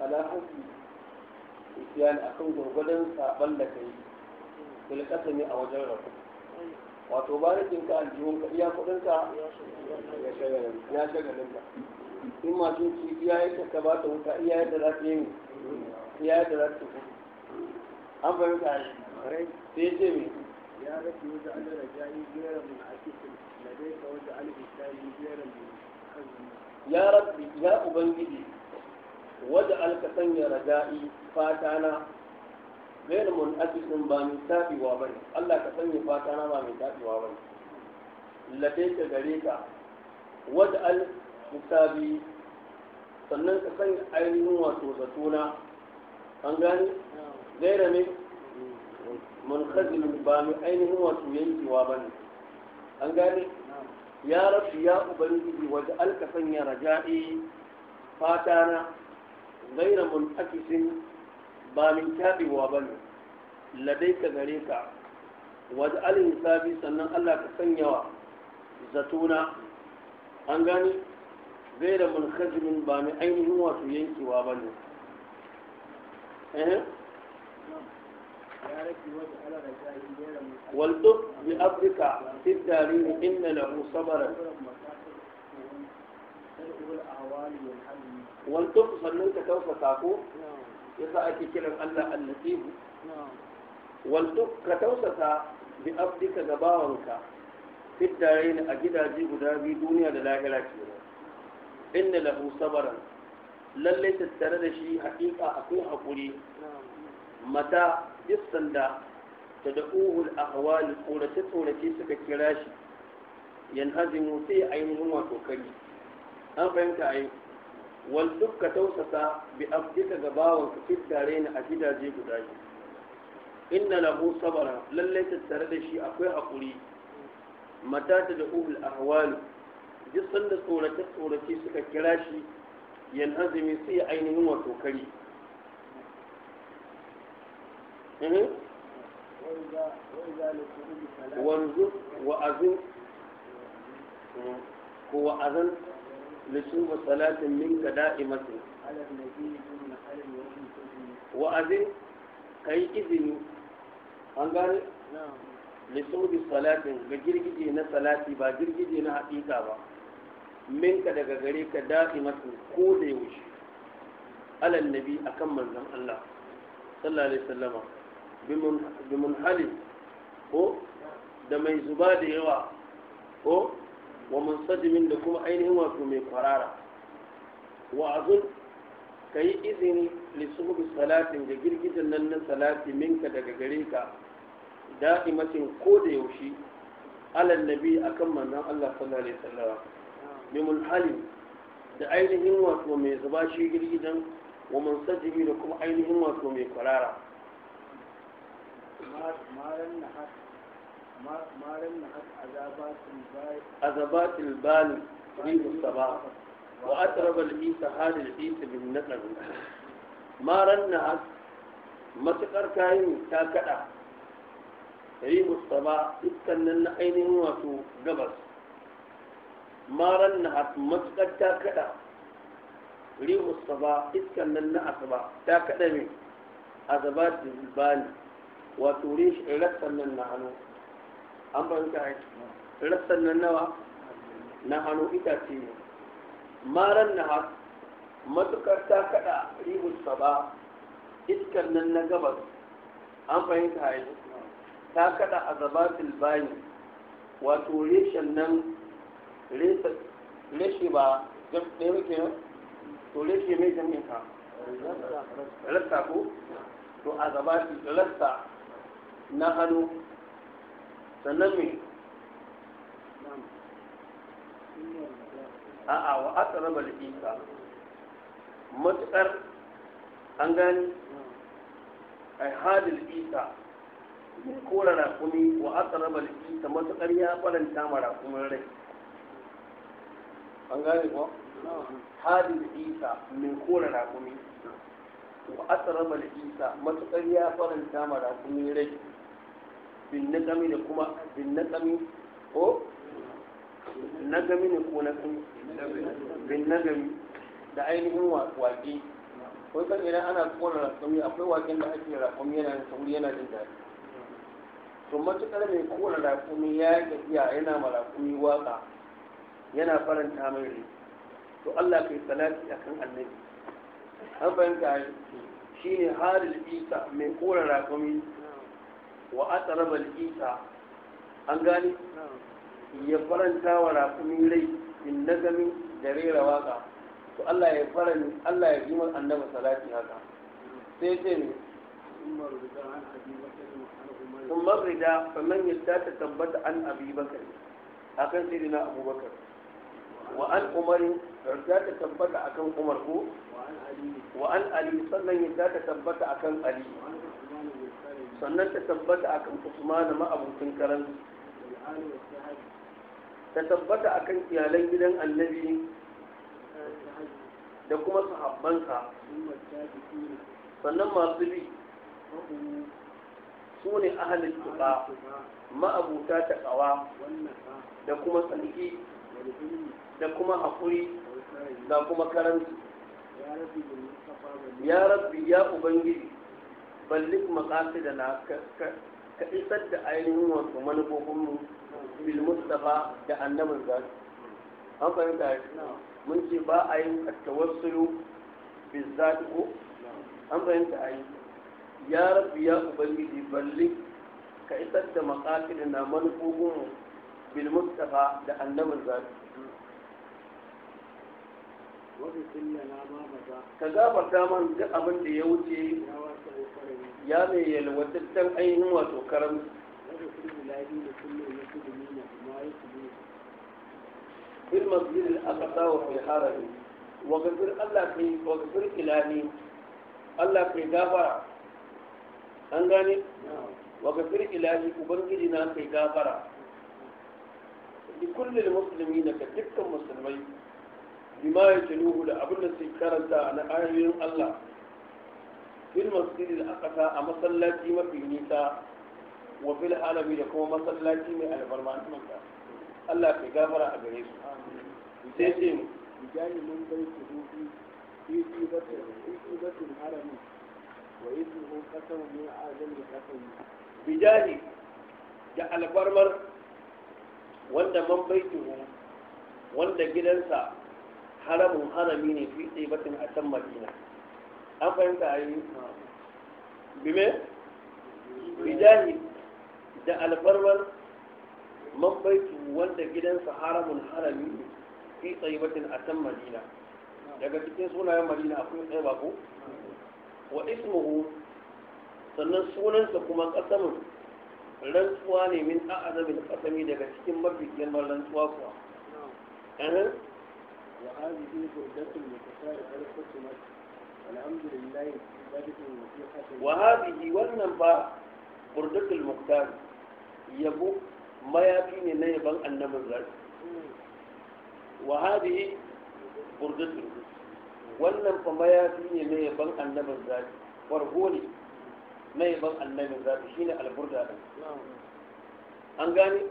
ala hasi isiyan akan gurgudan saban da ka yi, ta ne a wajen rabu wato bayan jinka aljihun ka iya kudinka ya shagalin in masu ci iya ya ta ba ta wuta iya ya za ta yi iya ya ta za ta kuma an bari ta yi sai ya ya rafi wata alara jayi jeran mun a cikin lade ka wata alara jayi jeran mun ya rabbi ya ubangiji wata alka sanya raja'i fata na bayan mun a ba mai tafiwa ba ne allah ka sanya fata ba mai tafiwa ba ne lade ka gare ka wata alka kitabi sannan ka san ainihin wato zatuna an gani gaira ne munkhazilun ba mu ainihin wato yankewa ba ne an gani ya rabu ya ubangiji wajen alka sanya raja'i fata na gaira muntakisin ba min kyaɗewa ba ne ladai ka gare ka wajen alin sabi sannan allah ka sanya wa zatuna an gani غير خزم بان عينه وفيين سوى بني أه. والدق بأبرك في الدارين إن له صبرا والدق صنوك توفى تاكو يسعى كلام ألا اللطيف والدق كتوسة بأبرك دباونك في الدارين أجد أجيب دابي دنيا للاهلة كيرا inna lahu sabaran lallai tattare da shi haƙiƙa akwai haƙuri mata duk sanda ta da uhul ahwal tsorace tsorace suka kira shi Yan yanhazimu sai ainihin wato kari an fahimta a yi. wal dukka tausasa bi abdika gabawan ka fitare ni a gidaje guda biyu inna lahu sabara lallai tattare da shi akwai haƙuri mata ta da uhul ahwal duk da tsorace-tsorace suka kira shi yan azumi sai ya ainihin wato kari mhm. wanzu wa'azin ko wa'azin lishin wa salatin min ga masu wa'azin ka yi izini an gane lishin wa salatin ga girgije na salati ba girgije na haƙiƙa ba minka daga gare ka daɗi masu ko da yaushe alal nabi kan manzan Allah sallallahu alaihi wasallama bimun hali ko da mai zuba da yawa ko wa mun sajimin da kuma ainihin wato mai kwarara wa azun ka yi izini lissuhubi salatin ga girgijin nan na salati minka daga gare ka da'imacin ko da yaushe alal nabi akan manzan Allah sallallahu alaihi wasallama bi mulhalin da ainihin wato mai zuba shi girgidan wa mansajimi da kuma ainihin wato mai kwarara azabat albali fi musaba wa atrab al-isa hal al-isa bin naqab maran na matakar kayan ta kada ri musaba iskan nan na ainihin wato gabas maran na hasu matuƙar ta kaɗa rihu saba iskan nan na asaba ta kaɗa mai azaba da zibani wato rishi rassan nan na hannu an ban ka rassan nan nawa na hannu itace ne maran na hasu matuƙar ta kaɗa rihu saba iskan nan na gabas an fahimta haihu ta kaɗa azabatul bani wato reshen nan reshe ba jam ɗaya ba to ka rasta ko to a rasta na mai a'a wa matuƙar an gani a hadil isa kora rakumi wa matuƙar ya faranta ma rai an gane ba halin isa mai kora rakumi wa asrama da isa matukar ya faranta ma rakumi rai bin na gami da kuma bin nagami ko nagami ne ko nagami bin gami da ainihin waƙe ko san idan ana kora rakumi akwai waƙen da ake rakumi yana da sauri yana jin daɗi to matukar mai kora rakumi ya iya yana ma rakumi waƙa yana faranta mai rai to Allah kai salati akan annabi an fahimta shi ne halil isa mai kora rakumi wa atarabal isa an gane ya faranta wa rakumi rai in nazami da rera waka to Allah ya faran Allah ya yi min annabi salati haka sai ce ne ثم الرداء فمن يستات ثبت عن ابي بكر اكن سيدنا ابو بكر wa an za ta tabbata akan umar ko wa an ali sannan yarda ta tabbata a kan ali sannan ta tabbata akan usman ma abokin karan ta tabbata a kan iyalan gidan annabi da kuma sahabbansa sannan masu bi su ne ahalin tuka ma'abuta ta kawa da kuma tsarki da kuma haƙuri da kuma karanci ya rabbi ya ubangiji ballik makasi da na ka isar da ainihin wasu manufofinmu bil da annabin zasu an fahimta mun ce ba a yin tawassulu bil zati ko an fahimta a yi ya rabbi ya ubangiji ballik ka isar da makasi da na manufofinmu bil da annabin zasu ka gafarta man duk abin da ya wuce ya mai yalwataccen ainihin wato karam fil masjid al-aqsa wa fil haram wa ghafir Allah kai wa ghafir ilani Allah kai gafara an gane wa ghafir ilani ubangiji na kai gafara li kulli ka dukkan musulmai bima ya taluhu da abin da suke karanta na ayoyin Allah fil masjidil aqsa a masallaci mafi nisa wa fil alami da kuma masallaci mai albarma Allah ke gafara a gare su sai ce mu bijani mun bai su rufi fi tibatul harami wa ismuhu qasam min azam qasam bijani da albarmar wanda man baituhu wanda gidansa haramun harami ne fi tsaye batin a can madina an fahimta a yi bime bijahi da alfarwar mabaitu wanda gidansa haramun harami ne fi tsaye batin a can madina daga cikin sunayen madina akwai tsaye bako wa ismuhu sannan sunansa kuma kasamin rantsuwa ne min a'azabin kasami daga cikin mafi girman rantsuwa kuwa وهذه بردة متفارقة الحكمة الحمد لله ثابت وثيقة وهذه والنبا بردة المختار يبو ما يكين نيبا أنما الغرب وهذه بردة wannan fa mayafi ne na yaban annabin zafi wargo ne na yaban annabin zafi shine alburda din an gane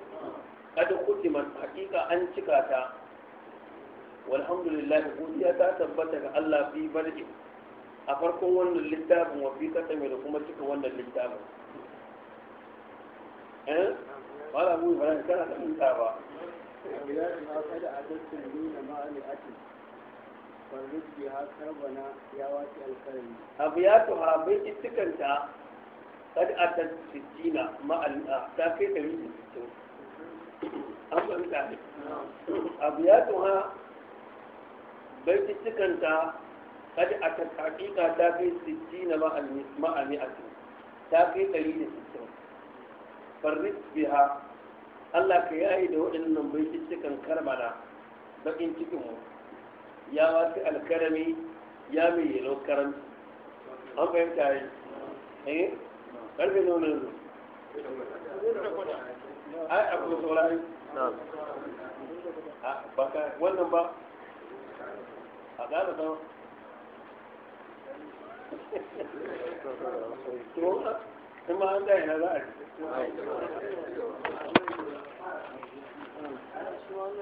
kada man hakika an cika ta walhamdulillah godiya ta tabbata ga Allah fi barki a farkon wannan littafin wa fi katame da kuma cika wannan littafin eh wala mu ba ran kana da mutunta ba bila ma kada a dattin nuna ma'ani ati farruki ha karbana ya wace alkarami abiyatu ha bai ittikanta kad atat sittina ma'al ah, ta kai 160 an fahimta ne abiyatu ha baitattukanta kada a taƙaƙiƙa ta kai sitti na ma'ami'atu ta kai ɗari da sittin farris biha Allah ka yayi da waɗannan baitattukan karbala baƙin cikin mu ya wasu alkarami ya mai yalo karam an fahimta yi eh karfe nuna yanzu ai akwai saurari wannan ba a ƙara sama ma an za a ji